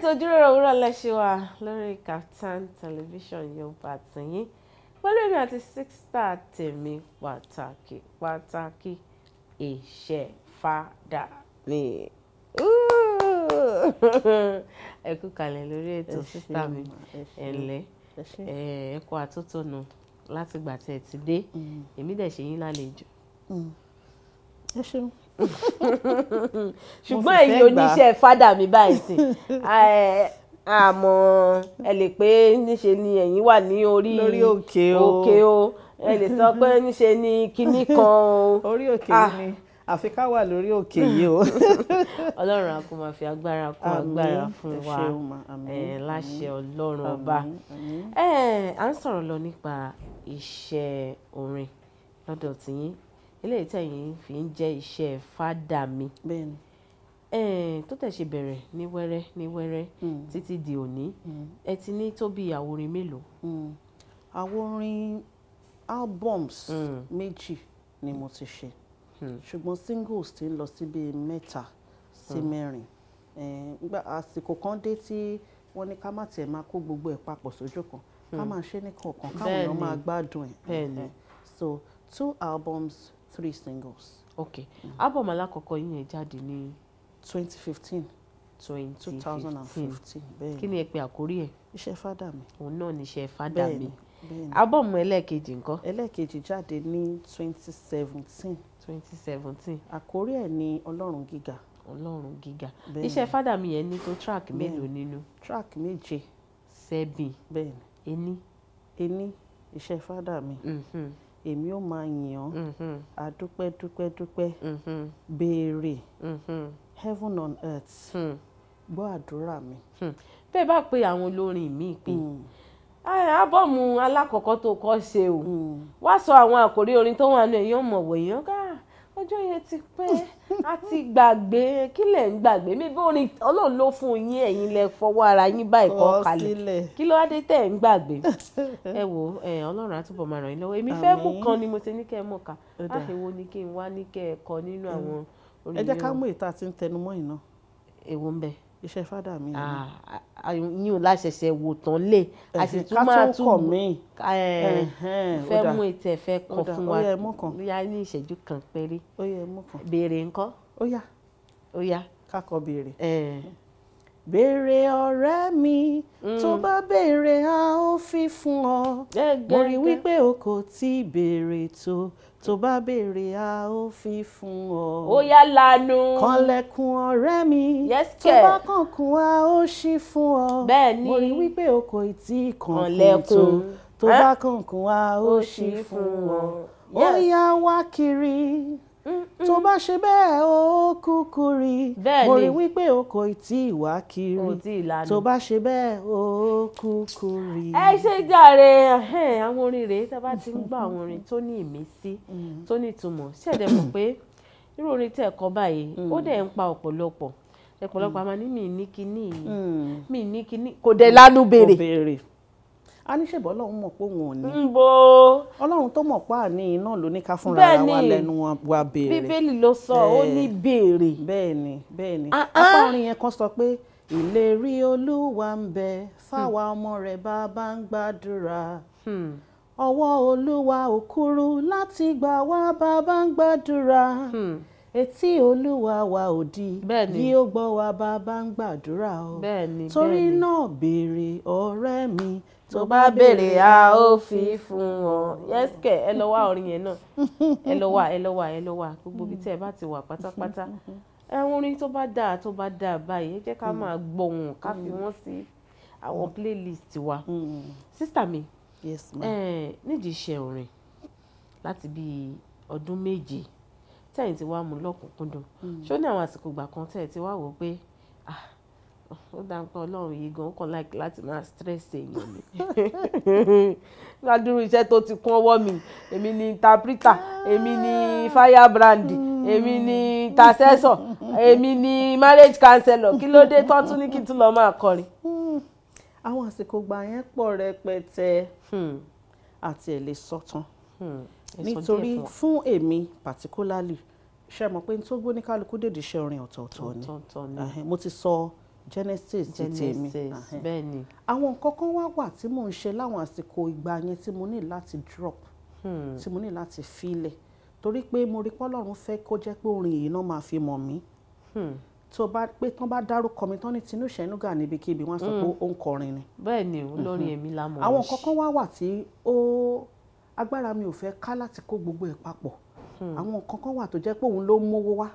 ètò ìjíròrò òwúrọ̀ lẹ́ṣẹ̀ wa lórí Kaftan television yorùbá tìyín pẹ̀lú èmi àti sixta tèmi pàtàkì pàtàkì ìṣẹ̀fàdà mi <laughs> ẹ kú kalẹ̀ lórí ètò sixta mi ẹ̀lẹ́ ẹ kú àtótónu láti gbà tẹ̀ ti dé mm. èmi dẹ̀ ṣe yín lálejò. Mm. ẹ ṣeun ṣùgbọ́n èyí oníṣẹ́ fádà mi báyìí sí àmọ́ ẹ lè pé níṣe ni ẹ̀yin wà ní orí òkè o ẹ lè sọ pé níṣe ni kinní kan o. orí òkè ah. ni àfi ká wà lórí òkè yìí o. <laughs> ọlọ́run àkó máa fi agbára kún agbára fún wa láṣẹ ọlọ́run ọba. à ń sọ̀rọ̀ lọ nípa iṣẹ́ orin lọ́dọ̀ tiyín eléyìí tẹ̀yìn fi ń jẹ́ iṣẹ́ fádà mi tó tẹ̀ ṣe bẹ̀rẹ̀ ní wẹ́rẹ́ ní wẹ́rẹ́ hmm. títí di òní hmm. ẹ ti ní tó bí àwòrin mélòó. Hmm. àwòrin albums méjì ni mo ti ṣe ṣùgbọ́n singles ti ń lọ sí bíi mẹ́ta sí mẹ́rin àsìkò kan dé tí wọ́n ní ká má tiẹ̀ máa kó gbogbo ẹ̀ papọ̀ sójú kan ká máa ṣe ní kọ̀ọ̀kan káwọn èèyàn máa gbádùn ẹ̀ so two albums three singles. Ok. Mm-hmm. Album Alakoko in your ni 2015. 2015. 2015. Kini ekpe akori e? Ise mi. Oh no, ni ise fada mi. Album elekeji nko? Elekeji jadi ni 2017. 2017. Akori e ni Olorun Giga. Olorun Giga. Ise mi e ni to track melo ninu. Track meje. Sebi. Eni. Eni. Ise fada mi. èmi ó máa yàn án àdúpẹ́ dúpẹ́ dúpẹ́ mm-hmm. béèrè mm-hmm. heaven on earth hmm. gbọ́ àdúrà mi. Hmm. bẹ́ẹ̀ bá pe àwọn olórin míì pé hmm. ábọ̀mù alákọ̀ọ́kọ́ tó kọ́ ṣe o wá sọ àwọn àkòrí orin tó wà nù èèyàn mọ̀wọ̀ èèyàn ọjọ́ yẹn ti pẹ́ a ti gbàgbé kí lẹ̀ ń gbàgbé mi bí orin ọlọ́run ló fún yín ẹ̀yin lẹ fọwọ́ ara yín báyìí kọ́ kalẹ̀ kí ló wá dé tẹ̀ ń gbàgbé <laughs> ẹ wo ọlọ́run á túbọ̀ máa ràn yín lọ́wọ́ èmi fẹ́ mú kan ni mo ti ní kẹ́ ẹ mọ̀ ká àṣewò ni kí n wá ní kẹ́ ẹ kọ nínú àwọn orin yìí. ẹ jẹ́ ká mú ìta tí ń tẹnumọ́ yìí náà. èwo ń bẹ iṣẹ́ fada mi ni. yín ah, o láṣẹ̀ṣẹ̀ wò tán lè a sì tún máa tún kọ mí fẹ́ mú ètè fẹ́ kàn fún wa bóyá ní ìṣẹ́jú kan péré béèrè ńkọ́ ó yá kákọ béèrè. béèrè ọ̀rẹ́ mi mm. tó bá béèrè a ó fi fún ọ mo rí wípé o kò tí ì béèrè tó tó bá béèrè a ó fi fún ọ. ó yá lanu. kànlẹ̀kùn ọ̀rẹ́ mi. yẹ́sìkẹ̀. tó bá kànkùn a ó ṣí fún ọ. bẹ́ẹ̀ ni mo rí wípé o kò tí ì kànkùn tó tó bá kànkùn a ó ṣí fún ọ. ó yá wá tó bá ṣe bẹ́ẹ̀ ó kúkú rí mo rí wípé o kò tí ì wá kiri tó bá ṣe bẹ́ẹ̀ ó kúkú rí. ẹ ṣe jàre àwọn orin rèé tá a bá ti ń gbọ́ àwọn orin tó ní ìmísí mm. tó ní ìtumọ̀ ṣẹ̀dẹ̀ mọ̀ pé irú orin tẹ̀ kọ́ báyìí ó mm. dẹ̀ ń pa ọ̀pọ̀lọpọ̀ ọ̀pọ̀lọpọ̀ mm. a máa ní mi ní kinní mi ní kinní kò dẹ̀ lánú béèrè a ní ṣèbọ́ ọlọ́run mọ̀ pé òun ò ní. ń bo. ọlọ́run tó mọ̀ pé àní iná ló ní ká fúnra wa lẹ́nu wa béèrè. bíbélì ló sọ ó ní béèrè. bẹ́ẹ̀ni bẹ́ẹ̀ni ah, apá ah. orin yẹn kan sọ pé ìlérí olúwa ń bẹ fáwa ọmọ rẹ̀ bàbá ń gbàdúrà hmm. ọwọ́ olúwa òkúrú láti gbà wá bàbá ń gbàdúrà hmm. etí olúwa wa ò di bí ó gbọ́ wa bàbá ń gbàdúrà o torí náà béèrè ọ̀rẹ́ mi tó bá béèrè a ó fi fún ọ yẹsùkẹ ẹ lọ wá orin yẹn náà ẹ lọ wá ẹ lọ wá ẹ lọ wá gbogbo ibi tí ẹ bá ti wà pátápátá ẹ orin tó bá dáa tó bá dáa báyìí ẹ jẹ́ ká máa gbọ́ wọn ká fi wọ́n sí àwọn playlist wa sísítà mi nídìí iṣẹ́ orin láti bí ọdún méje tẹ̀yìn tí wàá mú lọ́kùnkúndùn hmm. ṣó ní àwọn àsìkò ìgbà kan tẹ̀ tí wàá wò ó pé ah, ó dá nǹkan ọlọ́run yìí gan kàn láìkí láti máa stress èèyàn mi ládùúrú <laughs> iṣẹ́ tó ti kún ọwọ́ mi èmi ni interpreter èmi ni firebrand èmi ni intercessor èmi ni marriage counselor kí ló dé tó tún ní kí n tún lọ máa kọrin. àwọn àsìkò gbà yẹn pọ̀ rẹpẹtẹ àti hmm. ẹ̀ lè sọ hmm. nítorí fún èmi particularly ṣe mọ̀ pé n tó gbóníkálukú dèdè iṣẹ́ orin ọ̀tọ̀ọ̀tọ̀ ni mo ti sọ. So, genesis ti tèmi bẹ́ẹ̀ ni àwọn nǹkan kan wá wà tí mò ń ṣe láwọn àsìkò ìgbà yẹn tí mo ní láti drop hmm. tí mo ní láti filẹ̀ torí pé mo rí pọ́lọ́run fẹ́ kó jẹ́ pé orin yìí náà máa fi mọ̀ mí hmm. tó bá pé tán bá dárúkọ mi tán ní tinú ṣẹnuga níbikíbi wọ́n sọ pé hmm. ó ń kọrin ni. bẹ́ẹ̀ ni olórin mhm. èmi la mọ̀ ọ́ àwọn nǹkan kan wá wà tí ó agbára mi ò fẹ́ ká láti kó gbogbo ẹ̀ papọ̀ hmm. àwọn nǹkan kan wà tó jẹ́ pé òun ló mówó wá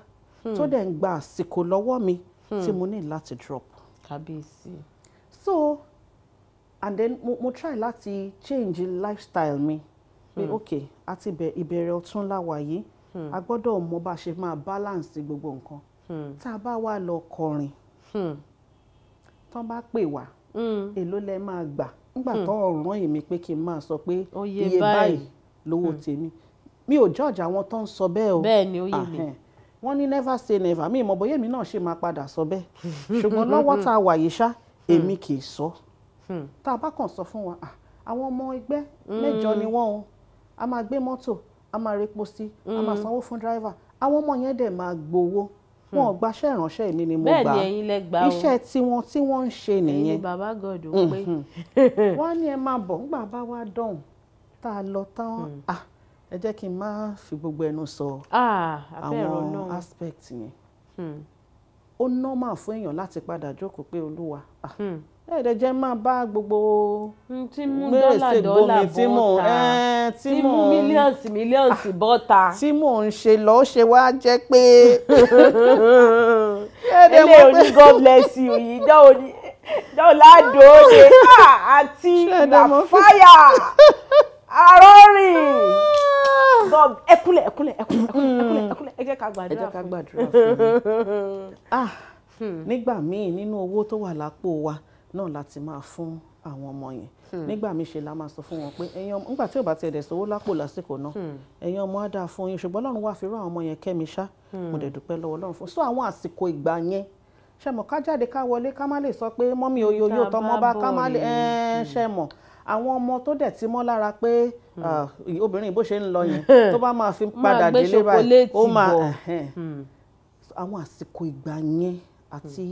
tó dẹ̀ ń gba àsìkò lọ́wọ́ mi. Hmm Hmm. tí mo ní láti drop. kábíyèsí. so and then mo, mo try láti change lifestyle mi pé hmm. ok àti ìbẹ̀rẹ̀ ọ̀tún láwa yìí hmm. a gbọ́dọ̀ mọ bá a ṣe máa balance gbogbo nǹkan hmm. tá a bá wà lọ kọrin hmm. tán bá pè wá hmm. èló lẹ máa gbà nígbà hmm. tó rán èmi pé kí n máa sọ pé iye báyìí lówó tèmi mi ò judge àwọn tó ń sọ bẹ́ẹ̀ o bẹ́ẹ̀ ni ó yé mi wọ́n ní never say never mi ìmọ̀ bóyá èmi náà ṣe máa padà sọ bẹ́ẹ̀ ṣùgbọ́n lọ́wọ́ tá a wà yìí ṣá èmi kì í sọ hmm. tá a bá kàn sọ fún wa ah, àwọn ọmọ ẹgbẹ́ hmm. mẹ́jọ ni wọ́n o a máa gbé mọ́tò a máa repo sí a máa hmm. sanwó fún driver àwọn ọmọ yẹn dẹ̀ máa gbowó wọn ò gbaṣẹ́ ìránṣẹ́ mi ni mo gbà á iṣẹ́ tiwọn tí wọ́n ń ṣe nìyẹn ẹ̀yin bàbá gọ̀dọ̀ mhm. pé wọ́n á ní ẹ máa bọ̀ ńgbà bá wá dọ̀hùn tá a lọ tán ah ẹ jẹ́ kí n má fi gbogbo ẹnu sọ àwọn aspect yẹn hmm. ó normal fún èèyàn láti padà jókòó pé olúwa hmm. ẹ̀ẹ́dẹ̀ jẹ́ máa bá gbogbo mẹ́rẹ̀ẹ́sẹ̀ hmm, gbomi tí mò ń tí mò ń mílíọ̀nsì mílíọ̀nsì ah, bọ́ta tí mò ń ṣe lọ ṣe wá jẹ́ pé <laughs> ẹ̀ẹ́dẹ̀ oní God bless you yìí dáwọ́ ládòó de àti na fire. <laughs> arọ́rìn ah! god ẹkúnlẹ̀ ẹkúnlẹ̀ ẹkúnlẹ̀ ẹkúnlẹ̀ hmm. ẹ jẹ́ ká gbàdúrà fún ẹ jẹ́ ká gbàdúrà fún <laughs> ah, mi hmm. nígbà míì nínú owó tó wà lápò wa náà láti máa fún àwọn ọmọ yẹn hmm. nígbà mi ṣe la máa sọ fún wọn pé ẹ̀yin ọmọ nígbà tí ò bá tiẹ̀ dẹ̀ sówó lápò lásìkò náà ẹ̀yin ọmọ á dáa fún yín ṣùgbọ́n Ọlọ́run wà fírú àwọn ọmọ yẹn kẹ́mi ṣá mo dẹ̀ dúpẹ́ lọ́wọ́ Ọlọ́run fún so àwọn àsìkò ìgbà yẹn ṣe mọ̀ ká jáde ká wọlé ká má lè sọ pé mọ́mí oyoyo tọmọ bá ká má lè ṣe àwọn ọmọ tó dẹ̀ ti mọ́ lára pé hmm. obìnrin bó ṣe ń lọ yẹn <laughs> tó bá máa fi padà délé báyìí ó máa hmm. àwọn àsìkò ìgbà yẹn àti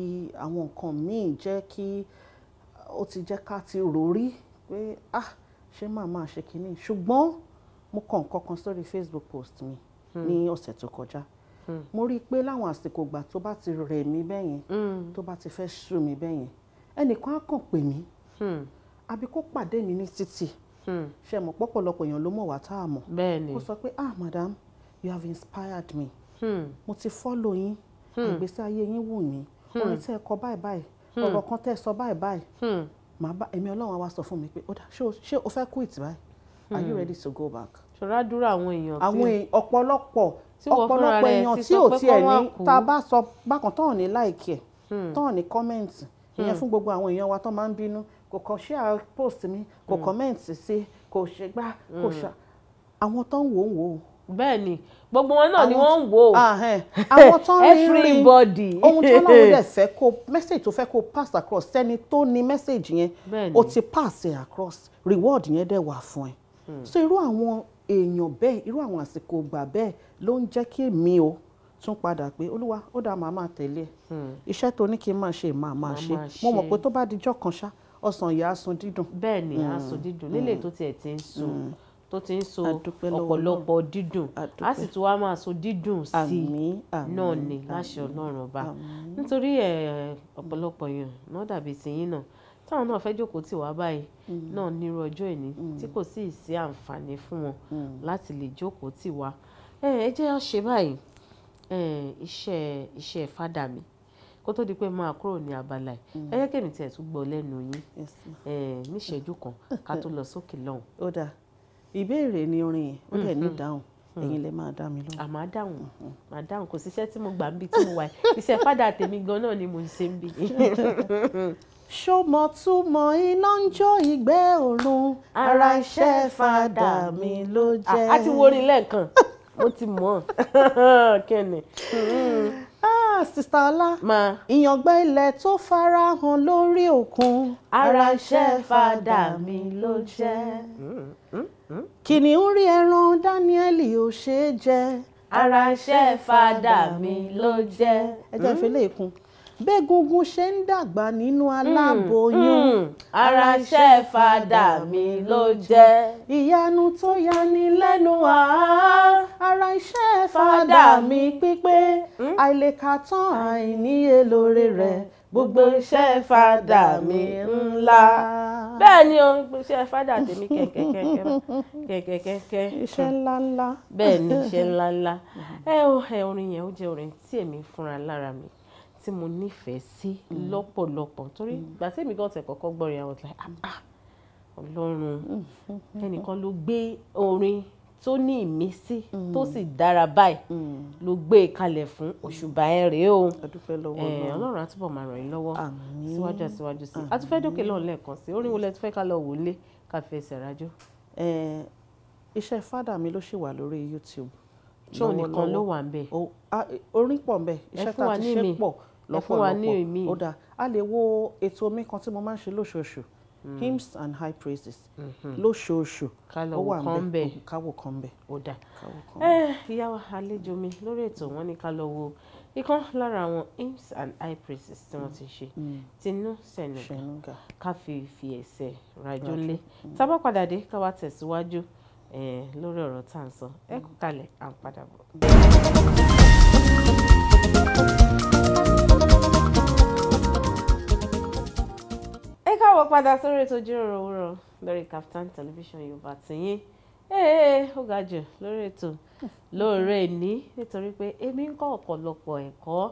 àwọn nǹkan míì jẹ́ kí ó ti jẹ́ ká ti rórí pé ah ṣé màá máa ṣe kínní ṣùgbọ́n mo kàn kankan sórí Facebook post mi hmm. ní ọ̀sẹ̀ tó kọjá mo rí i pé láwọn àsìkò ìgbà tó bá ti rẹ̀ mí bẹ́yẹn tó bá ti fẹ́ sú mi bẹ́yẹn ẹnìkan á kàn pè mí àbí kó pàdé mi ní títì hmm. ṣe mọ̀ pọ̀pọ̀lọpọ̀ èèyàn ló mọ̀ wá tá a mọ̀ kó sọ pé ah madam you have inspired me hmm. mo ti fọ́lọ̀ yín hmm. ìgbésí ayé yín wù mí orin tẹ́ ẹ kọ báyìí báyìí ọ̀rọ̀ kan tẹ́ ẹ sọ báyìí báyìí màá bá èmi ọlọ́run wa sọ fún mi pé ó dà ṣé o fẹ́ quit báyìí are you ready to go back. ṣọ́ra dúró àwọn èèyàn tí àwọn ọ̀pọ̀lọpọ̀ ọ̀pọ̀lọpọ̀ èèyàn tí ò tiẹ̀ ní tá a bá sọ bákan tán ní láìkì ẹ̀ tán ní kọ́mẹ̀ǹtì ìyẹn fún gbogbo àwọn èèyàn wa tán máa ń bínú kò kàn share post mi kò hmm. comment sí kò ṣe gbá kò hmm. ṣá àwọn tó ń wò ń wò ó bẹ́ẹ̀ ni gbogbo wọn náà ni wọ́n ń wò ó ah, eh. àwọn tó ń rí rí ohun tó lọ́wọ́ <laughs> dẹ̀ fẹ́ kó message tó fẹ́ kó pass across sẹ́ni tó ní message yẹn o ti pass it across reward yẹn dẹ̀ wà fún ẹ hmm. so irú àwọn èèyàn bẹ́ẹ̀ irú àwọn àsìkò gbà bẹ́ẹ̀ ló ń jẹ́ kí èmi o tún padà pé olúwa ó dáa màá máa tẹ̀lé ẹ iṣẹ́ tó ní kí n máa ṣe màá máa ṣe mo mọ̀ pé tó bá di kan ṣáá ọsàn yìí á sun dídùn. bẹ́ẹ̀ ni á mm. sun dídùn nílé mm. tó tiẹ̀ ti ń sun mm. tó ti ń so ọ̀pọ̀lọpọ̀ dídùn á sì tún wá máa so dídùn sí i náà ni láṣẹ ọlọ́run ọba nítorí ọ̀pọ̀lọpọ̀ èèyàn náà dàbí tiyín náà táwọn náà fẹ́ jókòó tì wá báyìí náà nírú ọjọ́ ìní tí kò sì sí àǹfààní fún wọn láti lè jókòó tì wá ẹ jẹ́ ọ ṣe báyìí iṣẹ́ iṣẹ́ mi. Mm kó tó di pé máa kúrò ní abala yìí mm. ẹ jẹ́ kí èmi tiẹ̀ tún gbọ́ lẹ́nu yín níṣẹ́jú kan ká tó lọ sókè lọ́hùn. <laughs> ó dáa ìbéèrè ni orin yẹn ó dẹ̀ ní mm-hmm. ìdáhùn mm-hmm. ẹ̀yin lè máa dá mi lóhùn. àmọ́ àdáhùn màá mm-hmm. dáhùn kò síṣẹ́ tí mo gbà ń bi tí mo wà iṣẹ́ fádà tèmi gan náà ni mo ń ṣe ń bi. <laughs> ṣọmọtúmọ̀ iná ń jó ìgbẹ́ òrun ara iṣẹ́ fádà mi ló jẹ́. a ti wo lẹ́ẹ̀kan mo ti mọ̀ ọ́ <laughs> kẹ́ni sista ọlá ìyàngbẹ ilẹ̀ tó farahàn lórí òkun ara iṣẹ́ fada mi ló jẹ́ kìnìún rí ẹran dáníẹ́lì ò ṣeé jẹ ara iṣẹ́ fada mi ló jẹ́. ẹ jẹ́ ìfẹ́lẹ́ ìkun bẹ́gungun ṣe ń dàgbà nínú hmm, aláboyún hmm. ara iṣẹ́ fàdà mi ló jẹ́ ìyanu tó yani lẹ́nu wá ara iṣẹ́ fàdà mi pípé hmm? àìlèkà tán àìníye lóore rẹ̀ gbogbo iṣẹ́ fàdà mi ńlá. bẹ́ẹ̀ ni o iṣẹ́ fàdà tèmi kẹ̀kẹ́kẹ́kẹ́. iṣẹ́ ńláńlá. bẹ́ẹ̀ ni iṣẹ́ ńláńlá. <laughs> ẹ ò ẹ orin yẹn ó jẹ́ orin tí èmi fúnra lára mi tí mo nífẹ̀ẹ́ sí mm. lọ́pọ̀lọpọ̀ torí mm. ìgbà tí èmi gan tẹ̀ kọ́kọ́ gbọ́rin àwọn ọ̀tún ah, ah ọlọ́run mm. ẹnìkan ló gbé orin tó ní ìmísí tó sì dára báyìí ló gbé e kalẹ̀ fún òṣùbà ẹ rèé o ọlọ́run á túbọ̀ máa ràn yín lọ́wọ́ síwájú síwájú sí i a tún fẹ́ dókè lọ́hùn lẹ́ẹ̀kan sí orin wo lẹ tún fẹ́ ká lọ wò lé ká fi ẹsẹ̀ rájò. iṣẹ́ fádà mi ló ṣì wà lórí YouTube. ṣóun nìkan ló wà ń bẹ̀. orin pọ̀ ń bẹ̀ iṣẹ́ tá a ti ṣe pọ̀ lọ́pọ̀lọpọ̀ ó dáa a lè wo ètò omi kan tí mo máa ń ṣe lóṣooṣù hmm. hymns and high praises hmm. lóṣooṣù ó wà ń bẹ káwọ kan ń bẹ. ó dáa eh, ìyá wa àlejò mi lórí ètò wọn ni ká lọ wo ìkan lára àwọn hymns and high praises tí wọ́n ti hmm. ṣe tinú sẹ̀nùgà ká fi fi ẹsẹ̀ rajó lé tá bá padà dé ká wá tẹ̀síwájú eh, lórí ọ̀rọ̀ tá à ń sọ ẹ kú kalẹ̀ à ń padà bọ̀. káàbọ̀ padà sórí ètò ìjíròrò òwúrọ̀ lórí Kaftan television yorùbá tìyín ee eh, eh, ó ga jù lórí ètò lóore ní nítorí pé èmi ń kọ́ ọ̀pọ̀lọpọ̀ ẹ̀kọ́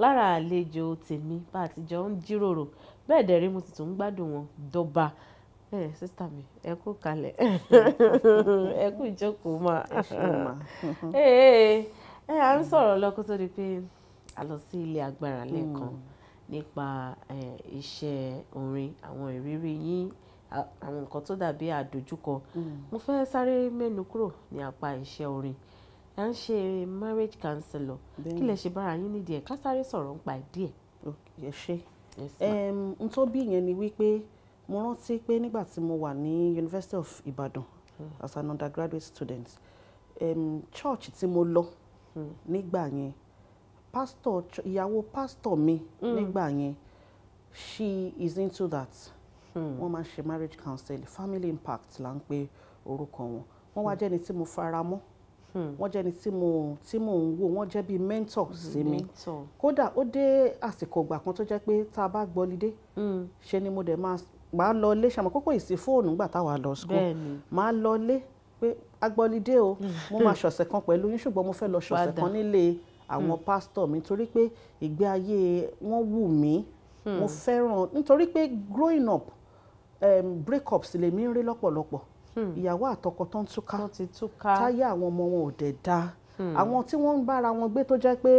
lára àlejò tèmi bá a ti jọ ń jíròrò bẹ́ẹ̀ dẹ̀ rí mo sì tún ń gbádùn wọn dọ́ba ẹ eh, sísítà mi ẹ kú kalẹ̀ <laughs> ẹ kú ìjókòó mà ẹ à <laughs> ń sọ̀rọ̀ lọ́kọ́ tó di pé a lọ sí ilé agbára lẹ́ẹ̀kan. Mm nípa iṣẹ́ orin àwọn ìrírí yín àwọn nǹkan tó dàbí àdojúkọ hmm. mo fẹ́ sáré mẹ́nu kúrò ní apá iṣẹ́ orin à ń ṣe marriage counselor kí lè ṣe bára yín nídìí ẹ̀ ká sáré sọ̀rọ̀ nípa ẹ̀ díẹ̀. ẹ ṣe n tó bí yẹn ni wípé mo rántí pé nígbà tí mo wà ní University of Ibadan hmm. as an undergraduate student um, church tí mo lọ hmm. nígbà yẹn pásítọ̀ ìyàwó Pastor mi mm. nígbà yẹn she is into that hmm. wọ́n máa ṣe marriage counseling family impact là ń pe orúkọ wọn wọ́n wá hmm. jẹ́ni tí mo fara mọ́ hmm. wọ́n jẹ́ni tí mo tí mo ń wò wọ́n jẹ́ bíi mentor sí mi kódà ó dé àsìkò ìgbà kan tó jẹ́ pé tá a bá gbọ́lidé ṣe ni mo dẹ̀ máa máa lọ ilé ṣàmọ̀ kókó ìsí fóònù nígbà táwa lọ school máa lọ ilé pé agbọ́lidé o <laughs> mo máa ṣọ̀sẹ̀ kan pẹ̀lú yín ṣùgbọ́n mo fẹ́ lọ ṣọ̀sẹ̀ kan nílé àwọn hmm. pastor. mi torí pé ìgbé ayé wọn wù mí mo hmm. fẹ́ràn nítorí pé growing up um, break ups lèmi ń rí lọ́pọ̀lọpọ̀ hmm. ìyàwó àtọkọ tó ń túká táyé àwọn ọmọ wọn ò dẹ̀ da àwọn tí wọ́n ń bára wọn gbé tó jẹ́ pé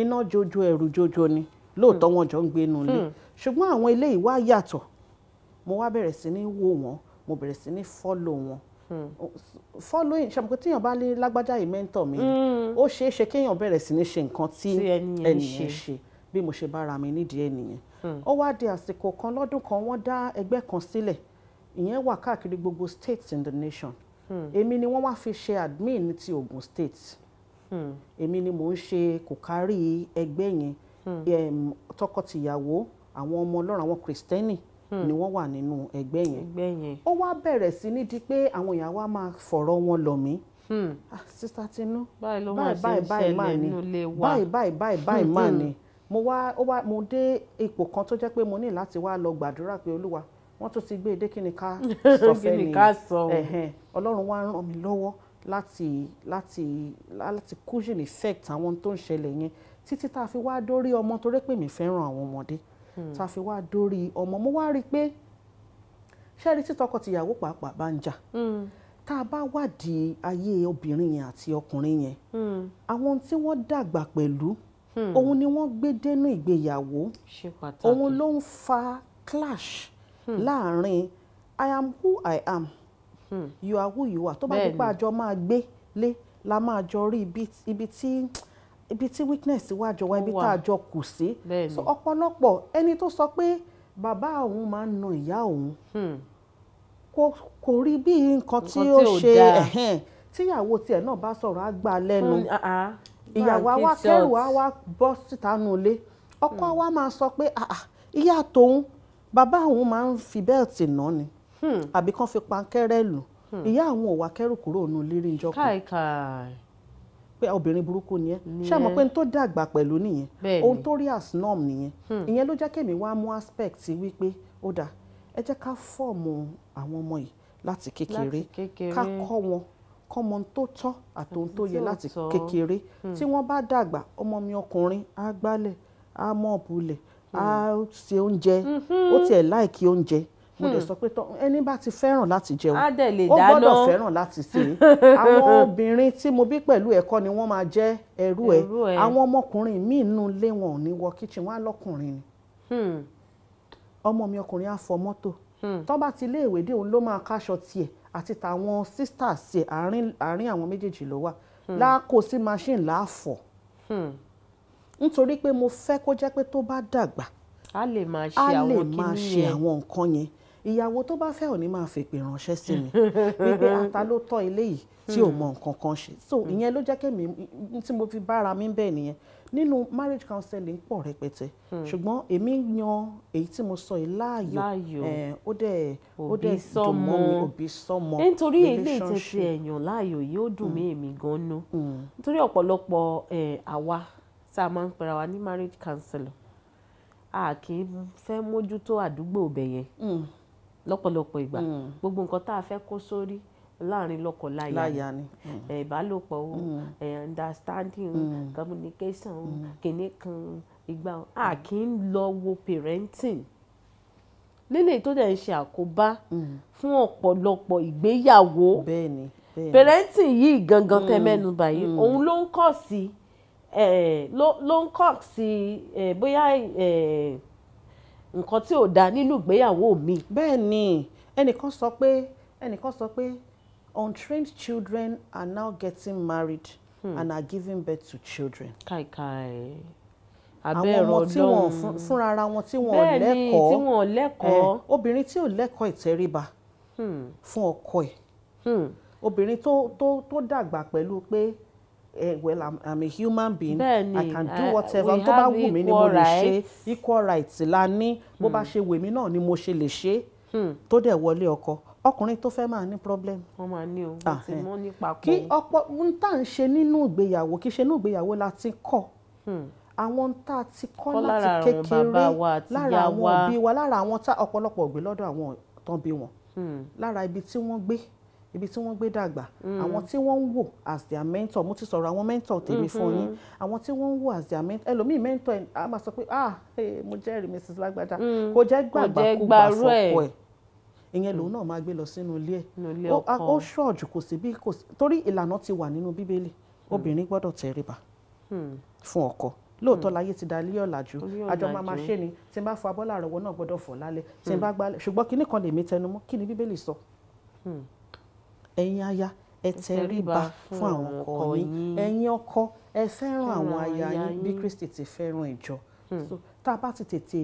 iná jojo ẹ̀rù jojo ni lóòótọ́ wọn jọ ń gbé inú ilé ṣùgbọ́n àwọn eléyìí wá yàtọ̀ mo wá bẹ̀rẹ̀ sí ní wò wọ́n mo bẹ̀rẹ̀ sí ní fọ́lò wọn following ṣe àmọ́ téèyàn bá lé lágbájá yìí mẹ́ńtọ̀ mi mm. ó ṣeé ṣe kéèyàn bẹ̀rẹ̀ sí ní ṣe nǹkan tí ẹnìyẹn ṣe bí mo ṣe bára mi nídìí ẹnìyẹn hmm. ó wá di àsìkò kan lọ́dún kan wọ́n dá ẹgbẹ́ kan sílẹ̀ ìyẹn wà káàkiri gbogbo states in the nation hmm. èmi ni wọ́n wá fi ṣe admin ti Ogun state hmm. èmi ni mò ń ṣe kòkárí ẹgbẹ́ yẹn tọkọtìyàwó àwọn ọmọ ọlọ́run àwọn kristẹni. Hmm. ni wọ́n wà nínú ẹgbẹ́ yẹn ó wá bẹ̀rẹ̀ sí ní di pé àwọn èèyàn wa máa fọ̀rọ̀ wọn lọ̀ mí hmm. ah, sísá tinú báyìí báyìí báyìí máa ní báyìí báyìí báyìí báyìí hmm, máa ní mo wá ó wá mo dé ipò kan tó jẹ́ pé mo ní láti wá lọ gbàdúrà pé olúwa wọ́n tún ti gbé e dé kí ni ká <laughs> sọ fẹ́ ni ọlọ́run wá ràn mí lọ́wọ́ láti láti láti cushion effect àwọn tó ń ṣẹlẹ̀ yẹn títí tá a fi wá dórí ọmọ torí pé mi fẹ́ràn àwọn ọmọdé. Hmm. tá fi wá dórí ọmọ mo wá rí i pé ṣẹ́ẹ́rì tí tọkọ pàápàá bá ń jà hmm. tá a bá wádìí ayé obìnrin yẹn àti ọkùnrin yẹn hmm. àwọn tí wọ́n dàgbà pẹ̀lú òun ni wọ́n gbé dénú ìgbéyàwó òun ló ń fa clash láàrin i am who i am you are who you are tó bá dípò àjọ máa gbé lé la máa jọ rí ibi tí ibi tí weakness wà jọ wá ibi tá a jọ kù sí so ọ̀pọ̀lọpọ̀ ẹni tó sọ pé bàbá òun máa ń na ìyá òun hmm. kò rí bí nǹkan tí ó ṣe tíyàwó tiẹ̀ náà bá sọ̀rọ̀ á gbà lẹ́nu ìyàwó àwa kẹrù àwa bọ́ síta nù lé ọkọ àwa hmm. máa sọ pé ìyá tòun bàbá òun máa ń fi bẹ́ẹ̀tì ná ni hmm. àbí kán fi pankẹ́rẹ́ lù ìyá àwọn ò kẹrù kúrò nù lérí ìjọkùn pé obìnrin burúkú ni ẹ ṣàmọ pé n tó dàgbà pẹ̀lú nìyẹn ohun tó rí as norm nìyẹn hmm. ìyẹn ló jẹ́ kémi wá mú aspect wípé ó dà ẹ jẹ́ ká fọ́ọ̀mù àwọn ọmọ yìí láti kékeré ká kọ́ wọn kọ́ mọ tó tọ́ àtòhun tó yẹ láti kékeré hmm. tí wọ́n bá dàgbà ọmọ mi ọkùnrin á gbálẹ̀ á mọ̀ọ́bù lẹ̀ á ṣe hmm. oúnjẹ mhm. ó tiẹ̀ láìkí oúnjẹ mo dẹ̀ hmm. sọ pé ẹni bá ti fẹ́ràn láti jẹun ó gbọ́dọ̀ fẹ́ràn láti sè é <laughs> àwọn obìnrin tí mo bí pẹ̀lú ẹ̀kọ́ ni wọ́n máa jẹ́ ẹrú ẹ̀ àwọn ọmọkùnrin míì nù lé wọn ò ní wọ kíchìn wọn á lọ́kùnrin ni hmm. ọmọ mi ọkùnrin á fọ mọ́tò hmm. tó bá ti iléèwé dé òun ló máa káṣọ tiẹ̀ àti tàwọn sisters tiẹ̀ àárín àwọn méjèèjì ló wà láàkó sí machine láàfọ̀ nítorí pé mo fẹ́ kó jẹ́ pé tó bá dàgbà a lè máa ṣe àwọn nǹkan yẹn ìyàwó tó bá fẹ́ ò ní máa fèpè ránṣẹ́ sí mi <laughs> wípé ata ló tọ́ ilé yìí tí ò hmm. mọ nǹkan kan ṣe so hmm. ìyẹn ló jẹ́ kẹ́mi tí mo fi bára mi bẹ́ẹ̀ nìyẹn nínú marriage counseling pọ̀ rẹpẹtẹ hmm. ṣùgbọ́n èmi yan èyí tí mo sọ yìí láàyò ó dẹ̀ ó dẹ̀ dùn mọ́ mi òbí sọmọ relationship nítorí ilé ìtẹ̀tì ẹ̀yàn láàyò yìí ó dùn mí èmi gan-an nítorí ọ̀pọ̀lọpọ̀ àwa tá a máa ń pera wa ní marriage counselor a kì í fẹ́ mójútó àdúgbò bẹ̀yẹn lọ́pọ̀lọpọ̀ ìgbà hmm. gbogbo nǹkan tá a fẹ́ kó sórí láàrin lọ́kọ láya ni hmm. ìbálòpọ̀ o hmm. understanding communication kìnní kan ìgbà a kì í lọ wo parenting lélẹ̀ tó dẹ̀ ń ṣe àkóbá fún ọ̀pọ̀lọpọ̀ ìgbéyàwó parenting yìí gangan tẹ́ mẹ́nu báyìí òun ló ń kọ̀ sí ló ń kọ̀ sí bóyá nǹkan tí ò da nínú ìgbéyàwó mi. bẹ́ẹ̀ ni ẹnìkan sọ pé ẹnìkan sọ pé untrained children are now getting married hmm. and are giving birth to children. Kai abẹ́rẹ́ ọdún àwọn ọmọ tí wọ́n fúnra ara wọn tí wọ́n lẹ́kọ̀ọ́ bẹ́ẹ̀ ni tí wọ́n lẹ́kọ̀ọ́ eh, obìnrin tí ò lẹ́kọ̀ọ́ ìtẹríba hmm. fún ọkọ ẹ̀ hmm. obìnrin tó tó tó dàgbà pẹ̀lú pé eh, well i'm i'm a human being Bẹ́ẹ̀ni, i can do eh, whatever tó bá wù mí ni mo lè ṣe equal rights la ní bó bá hmm. ṣe wèmí náà ni mo ṣe lè ṣe hmm. tó dẹ̀ wọlé ọkọ ọkùnrin tó fẹ́ máa ní problem. wọ́n máa ní o ah, wọ́n ti eh. mọ́ nípa kọ́. kí ọ̀pọ̀ ohun tá à ń ṣe nínú ìgbéyàwó kí ṣe nínú ìgbéyàwó la ti kọ́ hmm. àwọn tá a ti kọ́ láti kékeré lára àwọn òbí wa lára àwọn tá ọ̀pọ̀lọpọ̀ gbé lọ́dọ̀ àwọn tán bí wọn lára ibi tí wọ́n gbé. Hmm ibi tí wọ́n gbé dàgbà mm. àwọn tí wọ́n ń wò as their mentor mo ti sọ̀rọ̀ àwọn mentor tèmi fún mm-hmm. yín àwọn tí wọ́n ń wò as their mentor ẹlòmíì mentor a máa sọ pé ah mo jẹ́rìí Mrs. Lágbájá mm. kò jẹ́ gbàgbà kú gbà fọ́pọ̀ ẹ̀ ìyẹn lòun náà máa gbé lọ sínú ilé ẹ̀ ó ṣọ́ọ̀jù kò sí bí kò sí torí ìlànà ti wà nínú bíbélì mm. obìnrin gbọ́dọ̀ tẹríba hmm. fún ọkọ lóòótọ́ hmm. láyé ti da ilé ọ̀làjú àjọ máa ma ṣe ni tí n bá fọ abọ́ láàárọ̀ náà gbọ́dọ̀ fọ̀ lálẹ́ tí n hmm. bá gbálẹ̀ ṣùgbọ́n kinní kan lèmi tẹnumọ́ kí ni bíbélì sọ ẹ̀yin aya ẹ tẹríba fún àwọn ọkọ yín ẹ̀yin ọkọ ẹ fẹ́ràn àwọn aya yín bí Kristi ti fẹ́ràn ìjọ hmm. so tá a bá ti tètè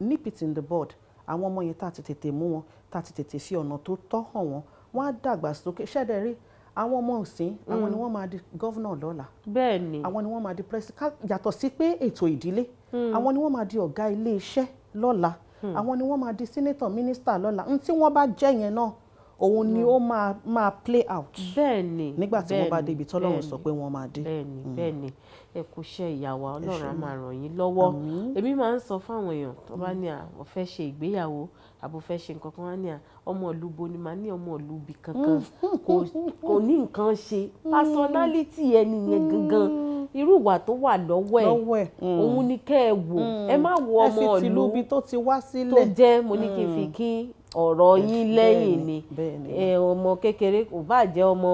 nip it in the board. àwọn ọmọ yẹn tá a ti tètè mú wọn tá a ti tètè fi ọ̀nà tó tọ́ hàn wọn wọ́n á dàgbà sókè ṣẹ́dẹ̀ rí àwọn ọmọ òsín hmm. àwọn ni wọ́n máa di gọ́vnà lọ́la bẹ́ẹ̀ni àwọn ni wọ́n máa di pírẹ́sìká yàtọ̀ sí pé ètò ìdílé hmm. àwọn ni wọ́n máa di ọ̀gá ilé iṣẹ́ lọ́la àwọn ni wọ́n máa di sínétọ̀ mínísítà lọ́la n tí bá jẹ́ yẹn náà òun ni ó máa máa play out. bẹ́ẹ̀ni nígbà tí wọ́n bá dé ibi tọ́lọ́run sọ pé wọ́n máa dé. bẹ́ẹ̀ni hmm. bẹ́ẹ̀ni ẹ kú iṣẹ́ ìyàwó Ọlọ́run á máa ràn yín lọ́wọ́ èmi máa ń sọ fáwọn èèyàn tó bá hmm. ní àwọn fẹ́ ṣe ìgbéyàwó àbò fẹ́ ṣe nǹkan kan wá ní à ọmọ ìlú bo ni màá ní ọmọ ìlú bi kankan kò ní nǹkan ṣe hmm. personality ẹni yẹn gangan irú ìwà tó wà lọ́wọ́ ẹ̀ òun ni kẹ́ ẹ wò ẹ má wo ọmọ ìlú ẹ sì ti lu ibi tó jẹ́ mo ní kí n fi kí ọ̀rọ̀ yín lẹ́yìn ni ọmọ kékeré kò bá jẹ́ ọmọ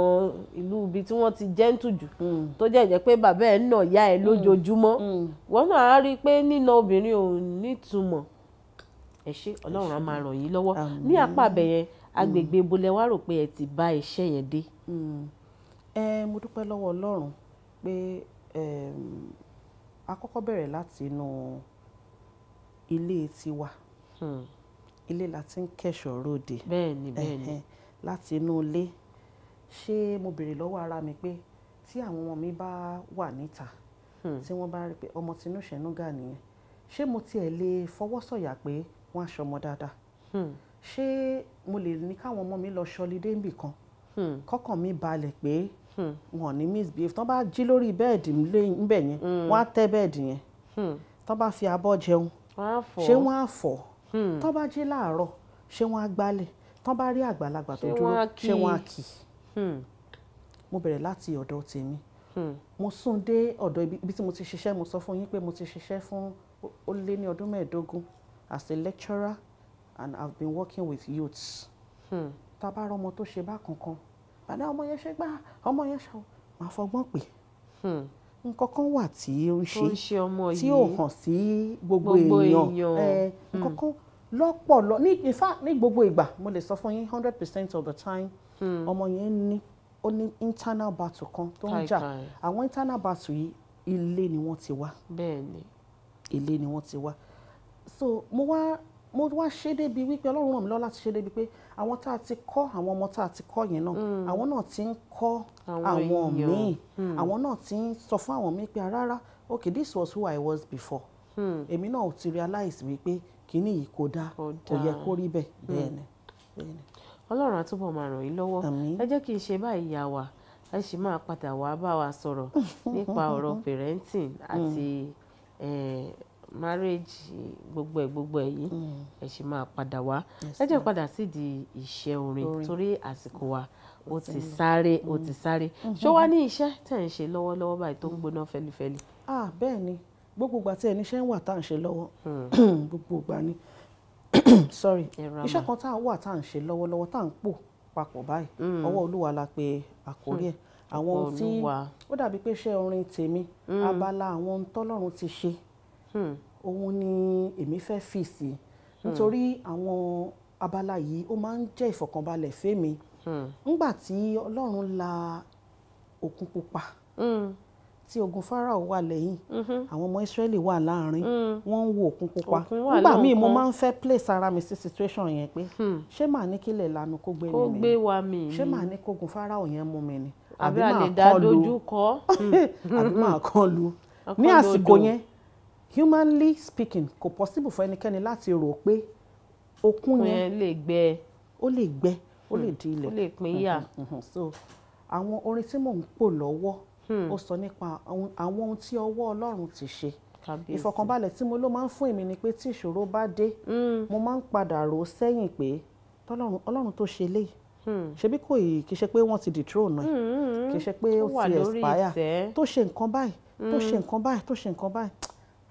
ìlú ibi tí wọ́n ti jẹ́ǹtù jù mm. tó jẹ́ jẹ́ pé bàbá ẹ̀ nà ya ẹ̀ mm. lójoojúmọ́ mm. wọ́n náà á rí i pé nína obìnrin ò nítumọ̀ ẹ ṣé ọlọ́run á máa ràn yín lọ́wọ́ ní apá abẹ yẹn agbègbè ibo lẹ wá rò pé ẹ ti bá iṣẹ́ yẹn dé. ẹ mo dúpẹ́ lọ́wọ́ ọlọ́run pé a kọ́kọ́ bẹ̀rẹ̀ láti inú ilé tiwa. Hmm ilé la ti ń kẹ̀ṣọ́ ròde. bẹ́ẹ̀ni bẹ́ẹ̀ni láti inú ilé ṣé mo béèrè lọ́wọ́ ara mi pé tí àwọn ọmọ mi bá wà níta hmm. tí wọ́n bá rí pé ọmọ tinú ṣẹ̀núgà nìyẹn ṣé mo tiẹ̀ lè fọwọ́ sọ̀yà pé wọ́n á ṣọmọ dáadáa hmm. ṣé mo lè ní káwọn ọmọ mi lọ ṣọlidé níbì kan hmm. kọ́kàn mi balẹ̀ pé wọn ò ní misbehave tán bá jí lórí bẹ́ẹ̀dì ńbẹ̀ yẹn wọ́n á tẹ́ bẹ́ẹ̀dì yẹn tán bá fi abọ́ jẹun ṣé wọ́n á fọ̀ Hmm. tán bá jí láàárọ̀ ṣé wọ́n á gbálẹ̀ tán bá rí àgbàlagbà tó dúró ṣé wọ́n á kì í hmm. mo bẹ̀rẹ̀ láti ọ̀dọ̀ tèmi hmm. mo sún dé ọ̀dọ̀ ibi tí mo ti ṣiṣẹ́ mo sọ fún yín pé mo ti ṣiṣẹ́ fún ó lé ní ọdún mẹ́ẹ̀ẹ́dógún as a lecturer and I've been working with youths tá a bá rọ ọmọ tó ṣe bá kankan bàdá ọmọ yẹn ṣe gbá ọmọ yẹn ṣe máa fọgbọ́n pè nǹkan kan wà tí ó ń ṣe tí ó hàn sí gbogbo èèyàn hmm. nǹkan kan lọ́pọ̀lọ́ ní in fact ní gbogbo ìgbà mo lè sọ fún yín hundred percent of the time hmm. ọmọ yẹn ní ó ní internal battle kan tó ń jà àwọn internal battle yìí ilé ni wọ́n ti wá ilé ni wọ́n ti wá so mo wá mo wá ṣe débi wípé ọlọ́run ràn mí lọ́wọ́ láti ṣe débi pé àwọn tá a ti kọ́ àwọn ọmọ tá a ti kọ́ yẹn náà mm. àwọn náà ti ń kọ́ àwọn míì mm. àwọn náà ti ń sọ fún àwọn míì pé rárá okay this was who I was before mm. èmi náà ò ti realize wípé kíní yìí kò dáa kò yẹ kó rí bẹ́ẹ̀ bẹ́ẹ̀ ni. ọlọ́run á túbọ̀ máa ràn yín lọ́wọ́ ẹ jẹ́ kí n ṣe báyìí yà wá ẹ sì máa padà wá bá wa sọ̀rọ̀ <laughs> nípa ọ̀rọ̀ parenting àti eh, marriage gbogbo ẹ̀ gbogbo ẹ̀ yìí mm. ẹ ṣì máa padà wá ẹ jẹ́ padà sí di iṣẹ́ orin torí àsìkò wa ó ti sáré ó mm. ti sáré mm-hmm. ṣó wá ní iṣẹ́ tẹ̀ ń ṣe lọ́wọ́lọ́wọ́ báyìí tó ń mm. gbóná fẹ́lifẹ́li. ah bẹ́ẹ̀ ni gbogbo ìgbà tí ẹni iṣẹ́ ń wà tá à ń ṣe lọ́wọ́ hmm. <clears throat> gbogbo ìgbà ni <clears throat> sorry iṣẹ́ kan tá à ń wà tá à ń ṣe lọ́wọ́lọ́wọ́ tá à ń pò papọ̀ báyìí hmm. ọwọ́ olúwa la pe àkórí ẹ̀ hmm. àwọn ohun tí ó dàbí pé iṣẹ́ orin tèmi abala àwọn ohun tọ́lọ́run ti ṣe Hmm. òun ni èmi fẹ́ fi sí hmm. nítorí àwọn abala yìí ó máa ń jẹ́ ìfọ̀kànbalẹ̀ fẹ́mi ńgbà hmm. tí ọlọ́run la òkun pupa tí ogun Fáráò wà lẹ́yìn mm-hmm. àwọn ọmọ Ísírẹ́lì wà láàrin wọ́n ń wo òkun pupa nígbà míì mo máa ń fẹ́ place ara mi sí situation yẹn pé ṣé màá ní kílẹ̀ lanu kó gbé mi ni ṣé màá ní kógun Fáráò yẹn mú mi ni àbí máa kọ́ lu àbí máa kọ́ lu ní àsìkò yẹn humanly speaking kò possible for ẹnikẹ́ni láti rò pé okun yẹn lè gbẹ ó lè gbẹ ó lè hmm, di ilẹ̀ ó lè pín yà hmm, hmm, so àwọn orin tí mò ń pò lọ́wọ́ ó sọ nípa àwọn ohun tí ọwọ́ Ọlọ́run ti ṣe ìfọ̀kànbalẹ̀ tí mo ló máa ń fún èmi ni pé tí ìṣòro bá dé mo máa ń padà rò ó sẹ́yìn pé Ọlọ́run tó ṣe léyìí ṣebí kò yìí kì í ṣe pé wọ́n ti dethrone ẹ̀ kì í ṣe pé ó ti expire tó ṣe nǹkan báyìí tó ṣe nǹkan báyìí tó ṣe nǹkan báyìí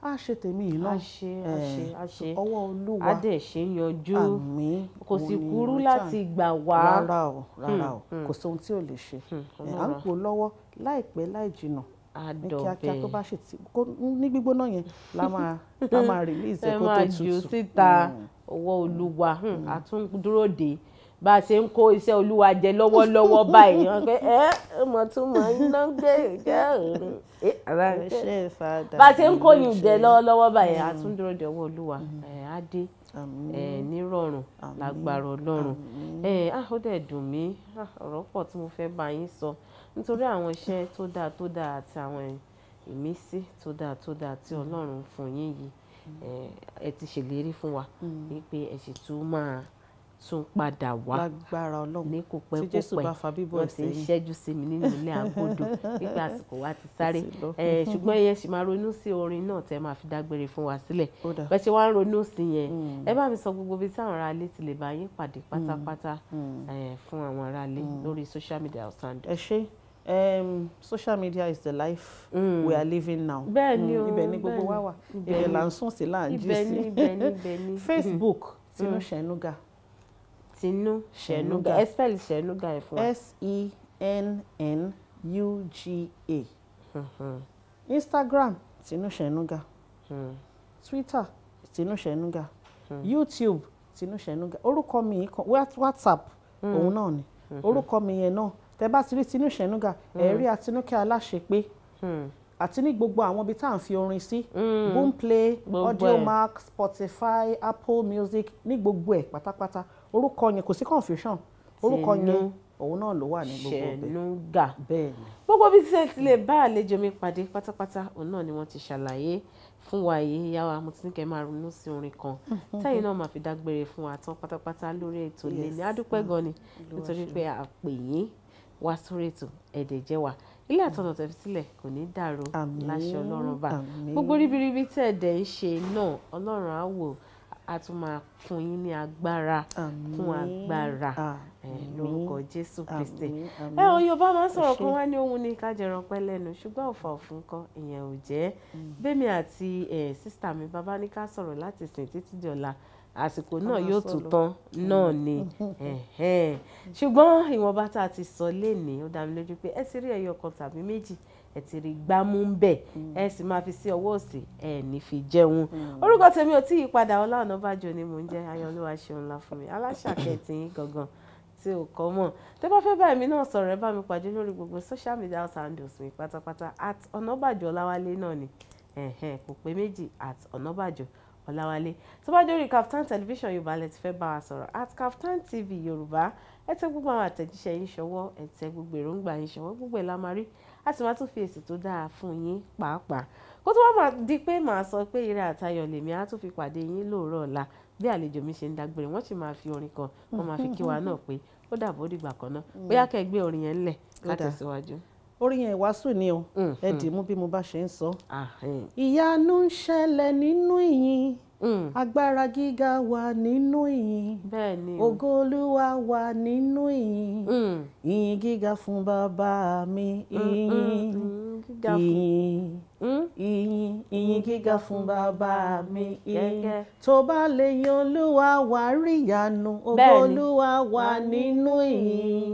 a ṣe tèmi yìí náà a ṣe a ṣe a ṣe ọwọ́ olúwa a dẹ̀ ṣe yanjú àmín kò sì kúrú láti gbà wá rárá o rárá o hmm, hmm. kò sóhun tí ò lè ṣe hmm, à ń pò lọ́wọ́ láìpẹ́ láì jìnà ní kíákíá tó bá ṣe tí ní gbígbóná yẹn la máa la máa release ẹ̀ <laughs> kó tó tutù ẹ máa jù síta ọwọ́ olúwa a tún dúró dè bá a ṣe ń kó iṣẹ́ olúwa jẹ lọ́wọ́lọ́wọ́ <laughs> báyìí wọn pé ẹ ọmọ tún mọ iná gbé ìjẹ́ òun eh, bá a ṣe ń kó yìí jẹ lọ́wọ́lọ́wọ́ báyìí a tún dúró de ọwọ́ olúwa á dé nírọ̀rùn lágbára ọlọ́run ó dẹ̀ dùn mí ọ̀rọ̀ pọ̀ tí mo fẹ́ bá yín sọ nítorí àwọn iṣẹ́ tó dáa tó dáa àti àwọn ìmísí tó dáa tó dáa tí mm. ọlọ́run fún yín yìí ẹ ti ṣèlérí fún wa mm. wípé ẹ sì tún máa tún padà wá lágbára Ọlọ́run ní kò pẹ́ kò pẹ́ wọ́n ti ń ṣẹ́jú sí mi nínú ilé àgọ́dọ̀ <laughs> nípa àsìkò wa ti sáré ṣùgbọ́n ẹ ṣì máa ronú sí orin náà tẹ́ máa fi dágbére fún wa sílẹ̀ bẹ́ ṣe wá ń ronú sí yẹn hmm. ẹ bá mi sọ gbogbo ibi táwọn ará ilé ti lè bá yín pàdé hmm. pátápátá hmm. fún àwọn ará ilé lórí social media ọ̀sán. ẹ ṣe um, social media is the life mm. we are living now. bẹ́ẹ̀ni o ibẹ̀ ni gbogbo wa wà ibẹ̀ là ń sùn sí là ń jí sí <laughs> facebook Tinúṣẹ́ Núgà. Mm. Atinu Shenuga ẹ spell Shenuga ẹ fún wa. S-E-N-N-U-G-A mm-hmm. Instagram Tinu Shenuga mm. Twitter Tinu Shenuga mm. YouTube Tinu Shenuga orúkọ mi WhatsApp mm. òun náà ni mm-hmm. orúkọ mi yẹn náà tẹ bá ti rí Tinu Shenuga ẹ rí Atinúkẹ́ Aláṣepé àti ní gbogbo àwọn ibi tá à ń fi orin sí boomplay audiomack spotify apple music ní gbogbo ẹ̀ pátápátá orúkọ yẹn kò sí confusion orúkọ yẹn òun náà ló wà ní gbogbo ibẹ̀ ṣẹnuga bẹ́ẹ̀ ni. gbogbo bí ṣe ti lè bá àlejò mi pàdé pátápátá òun náà ni wọ́n ti ṣàlàyé fún wa yìí ìyá wa mo ti ní kẹ́ máa ronú sí orin kan <laughs> táyì náà máa fi dágbére fún wa tán pátápátá lórí ètò lè ní adúpẹ́ gan ni nítorí pé a pè yín wá sórí ètò ẹ̀dẹ̀ jẹ́ wa ilé àtọ̀nà tẹ̀ fi sílẹ̀ kò ní dàrú láṣẹ ọlọ́run bá gbogbo ríbiríbi tẹ̀ dẹ̀ ń ṣe náà ọlọ́run á wò ó a tún máa fún yín ní agbára fún agbára lórúkọ Jésù Kristi ẹ ọ Yorùbá máa ń sọ̀rọ̀ kan wá ní ohun ní kájẹran pẹ́ lẹ́nu ṣùgbọ́n ọ̀fà òfin kan ìyẹn ò jẹ́ mm. bẹ́mi àti sísítà mi bàbá ní ká sọ̀rọ̀ láti sìn títí dọ̀la àsìkò náà yóò tún tán náà mm. ni <laughs> ṣùgbọ́n ìwọ̀nba tá a ti sọ lénìí ó dá mi lójú pé ẹ ti rí ẹyọ kan tàbí méjì ẹ ti rí gbámú ń bẹ̀ mm. ẹ sì máa fi sí ọwọ́ òsì ẹ ní fi jẹun mm. orúkọ tèmi ò tí ì padà Ọlá Ọ̀nàbàjọ́ ni mò ń jẹ́ ayọ̀lúwa ṣeun ńlá fún mi aláṣàkẹ́ yín gangan tí o kọ mọ̀ tó bá fẹ́ bá èmi náà sọ̀rọ̀ ẹ bá mi pàdé lórí gbogbo social media handles mi pátápátá at ọ̀nàbàjọ́ ọláwálé náà ni kò pé méjì at ọ̀nàbàjọ́ ọláwálé tó bá dórí Kaftan television yorùbá lẹ ti fẹ́ bá wa sọ̀rọ̀ at Kaftan TV yorùbá ẹ tẹ gbogbo àwọn àtẹ̀jíṣẹ́ yín ṣọwọ́ ẹ tẹ gbogbo èròǹgbà yín ṣọwọ́ gbogbo ẹ̀ la máa rí a sì máa tún fi èsì tó dáa fún yín pàápàá kó tó wá máa di pé màá sọ pé ire àtayọ̀ lèmi á tún fi pàdé yín lóòrọ̀ ọ̀la bí àlejò mi ṣe ń dágbére wọ́n sì máa fi orin kan wọ́n máa fi kí wa náà pé ó dàbọ̀ ó dìgbà kan náà mm. bóyá kẹ́ ẹ gbé orin yẹn lẹ̀ láti síwájú orin yẹn ìwàásù ni o mm, ẹ mm. dì mú bí mo bá ṣe ń sọ. Ah, eh. ìyanu ń ṣẹlẹ̀ nínú ìyìn Mm. agbára gíga wà nínú ìyìn ògo olúwa wà nínú ìyìn ìyìn gíga fún bàbá mi ìyìn ìyìn ìyìn ìyìn gíga fún bàbá mi ìyìn tó bá lè yin olúwa wà rí ìyanu ògo wà nínú ìyìn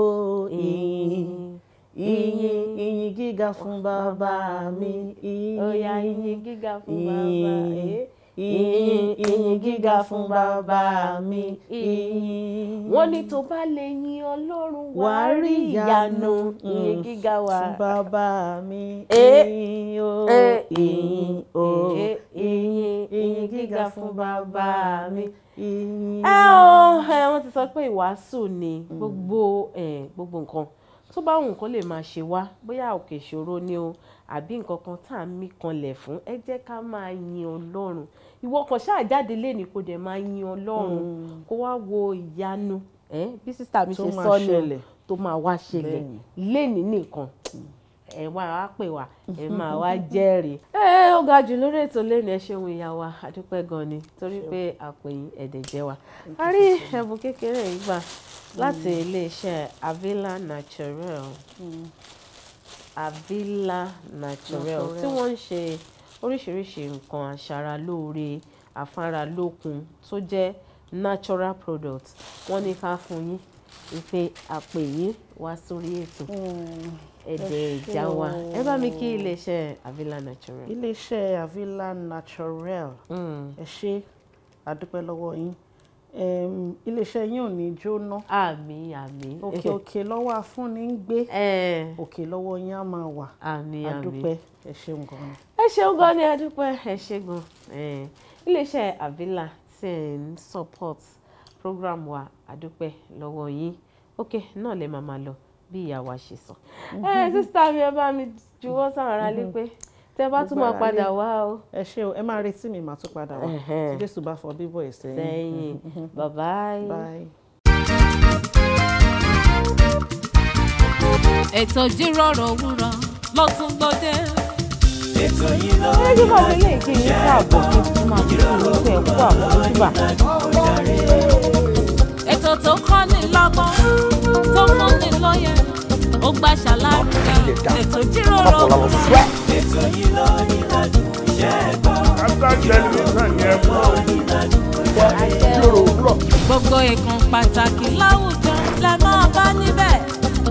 o ìyìn ìyìn ìyìn gíga fún bàbá mi ìyìn ìyìn gíga fún bàbá mi ìyìn ìyìn gíga fún bàbá mi ìyìn. wọ́n ní tó bá lè yin ọlọ́run wà á rí ìyanu ìyìn gíga wà. fún bàbá mi ìyìn o ìyìn o ìyìn ìyìn gíga fún bàbá mi ìyìn. ẹ ọ ẹ wọ́n ti sọ pé ìwàásù ni mm. gbogbo gbogbo nǹkan tó bá wù nǹkan lè máa ṣe wá bóyá òkè ìṣòro ni o àbí nǹkan kan tá à ń mí kanlẹ̀ fún ẹ jẹ́ ká máa yin ọlọ́run ìwọ kan ṣáà jáde lẹ́ni kò dẹ̀ máa yin ọlọ́run hmm. kó wá wo ìyanu bí sísá mi ṣe sọ ni tó máa wá ṣẹlẹ̀ lẹ́ni nìkan ẹ wá wá pè wá ẹ máa wá <laughs> jẹ́rìí. ẹ ó ga jù lórí ètò lẹ́nu ẹ ṣeun ìyá wa àdúpẹ́ gan ni torí pé àpèyìn ẹ̀dẹ̀ jẹ́ wa. a rí ẹ̀bùn kékeré yìí gbà hmm. láti iléeṣẹ́ avila natural hmm. avila natural tí wọ́n ń ṣe oríṣiríṣi nǹkan aṣaralóore afáralókun tó jẹ́ natural product wọ́n ní ká fún yín ìpè àpè yín wá sórí ètò ẹ̀dẹ̀ ìjà wa ẹ bá mi kí iléeṣẹ́ Avila Natural. iléeṣẹ́ Avila Natural hmm. ẹ ṣé a lọ́wọ́ yín iléeṣẹ́ yín ò ní jóná. àmín àmín. òkè òkè lọ́wọ́ afúnni ń gbé. òkè lọ́wọ́ yín á máa wà. àmín àmín adúpẹ́ ẹ ṣeun gan ni. ẹ ṣeun gan ni adúpẹ́ ẹ ṣe gan. iléeṣẹ́ Avila tí ń support program wa adúpẹ́ lọ́wọ́ yín òkè náà lè máa máa lọ bí ìyá wa ṣe sọ. ẹ sísá mi ẹ bá mi juwọ́ sáwọn aráalé pé tẹ bá tún máa padà wá o. ẹ ṣé o ẹ máa retí mi màá tún padà wá tí Jésù bá fọ bíbọ̀ ẹ̀ sẹ́yìn. sẹ́yìn mhm. bye bye. ètò jíròrò òwúrọ̀ ló tún gbòde. ètò yìí ló ń bá ilé ìpín káàbọ̀ kí n máa fi ìlú ẹ̀ kú àbójúbà. ètò tó kọ́ ni lọ́gbọ́n tó fún ni lóye ó gbà ṣàlàyé ètò ìjíròrò ètò yìí lọ nílàdùn iṣẹ́ ẹ̀kọ́ gbogbo ìkan pàtàkì láwùjọ lẹ máa bá níbẹ̀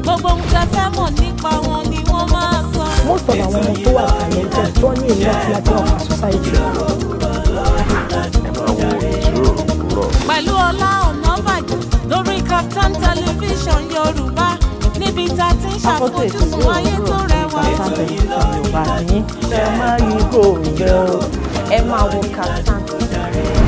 gbogbo ohun tẹ mọ̀ nípa wọn ni wọ́n máa sọ. most of àwọn ọmọ tó wà talented tó ní ìlú àti àti ọ̀fà society. pẹ̀lú Ọlá Ọ̀nàbàjọ lórí Kaftan television Yorùbá níbi tá a ti ń ṣàfojúsùn ayé tó rẹwà. ẹ máa wo kàtàkì.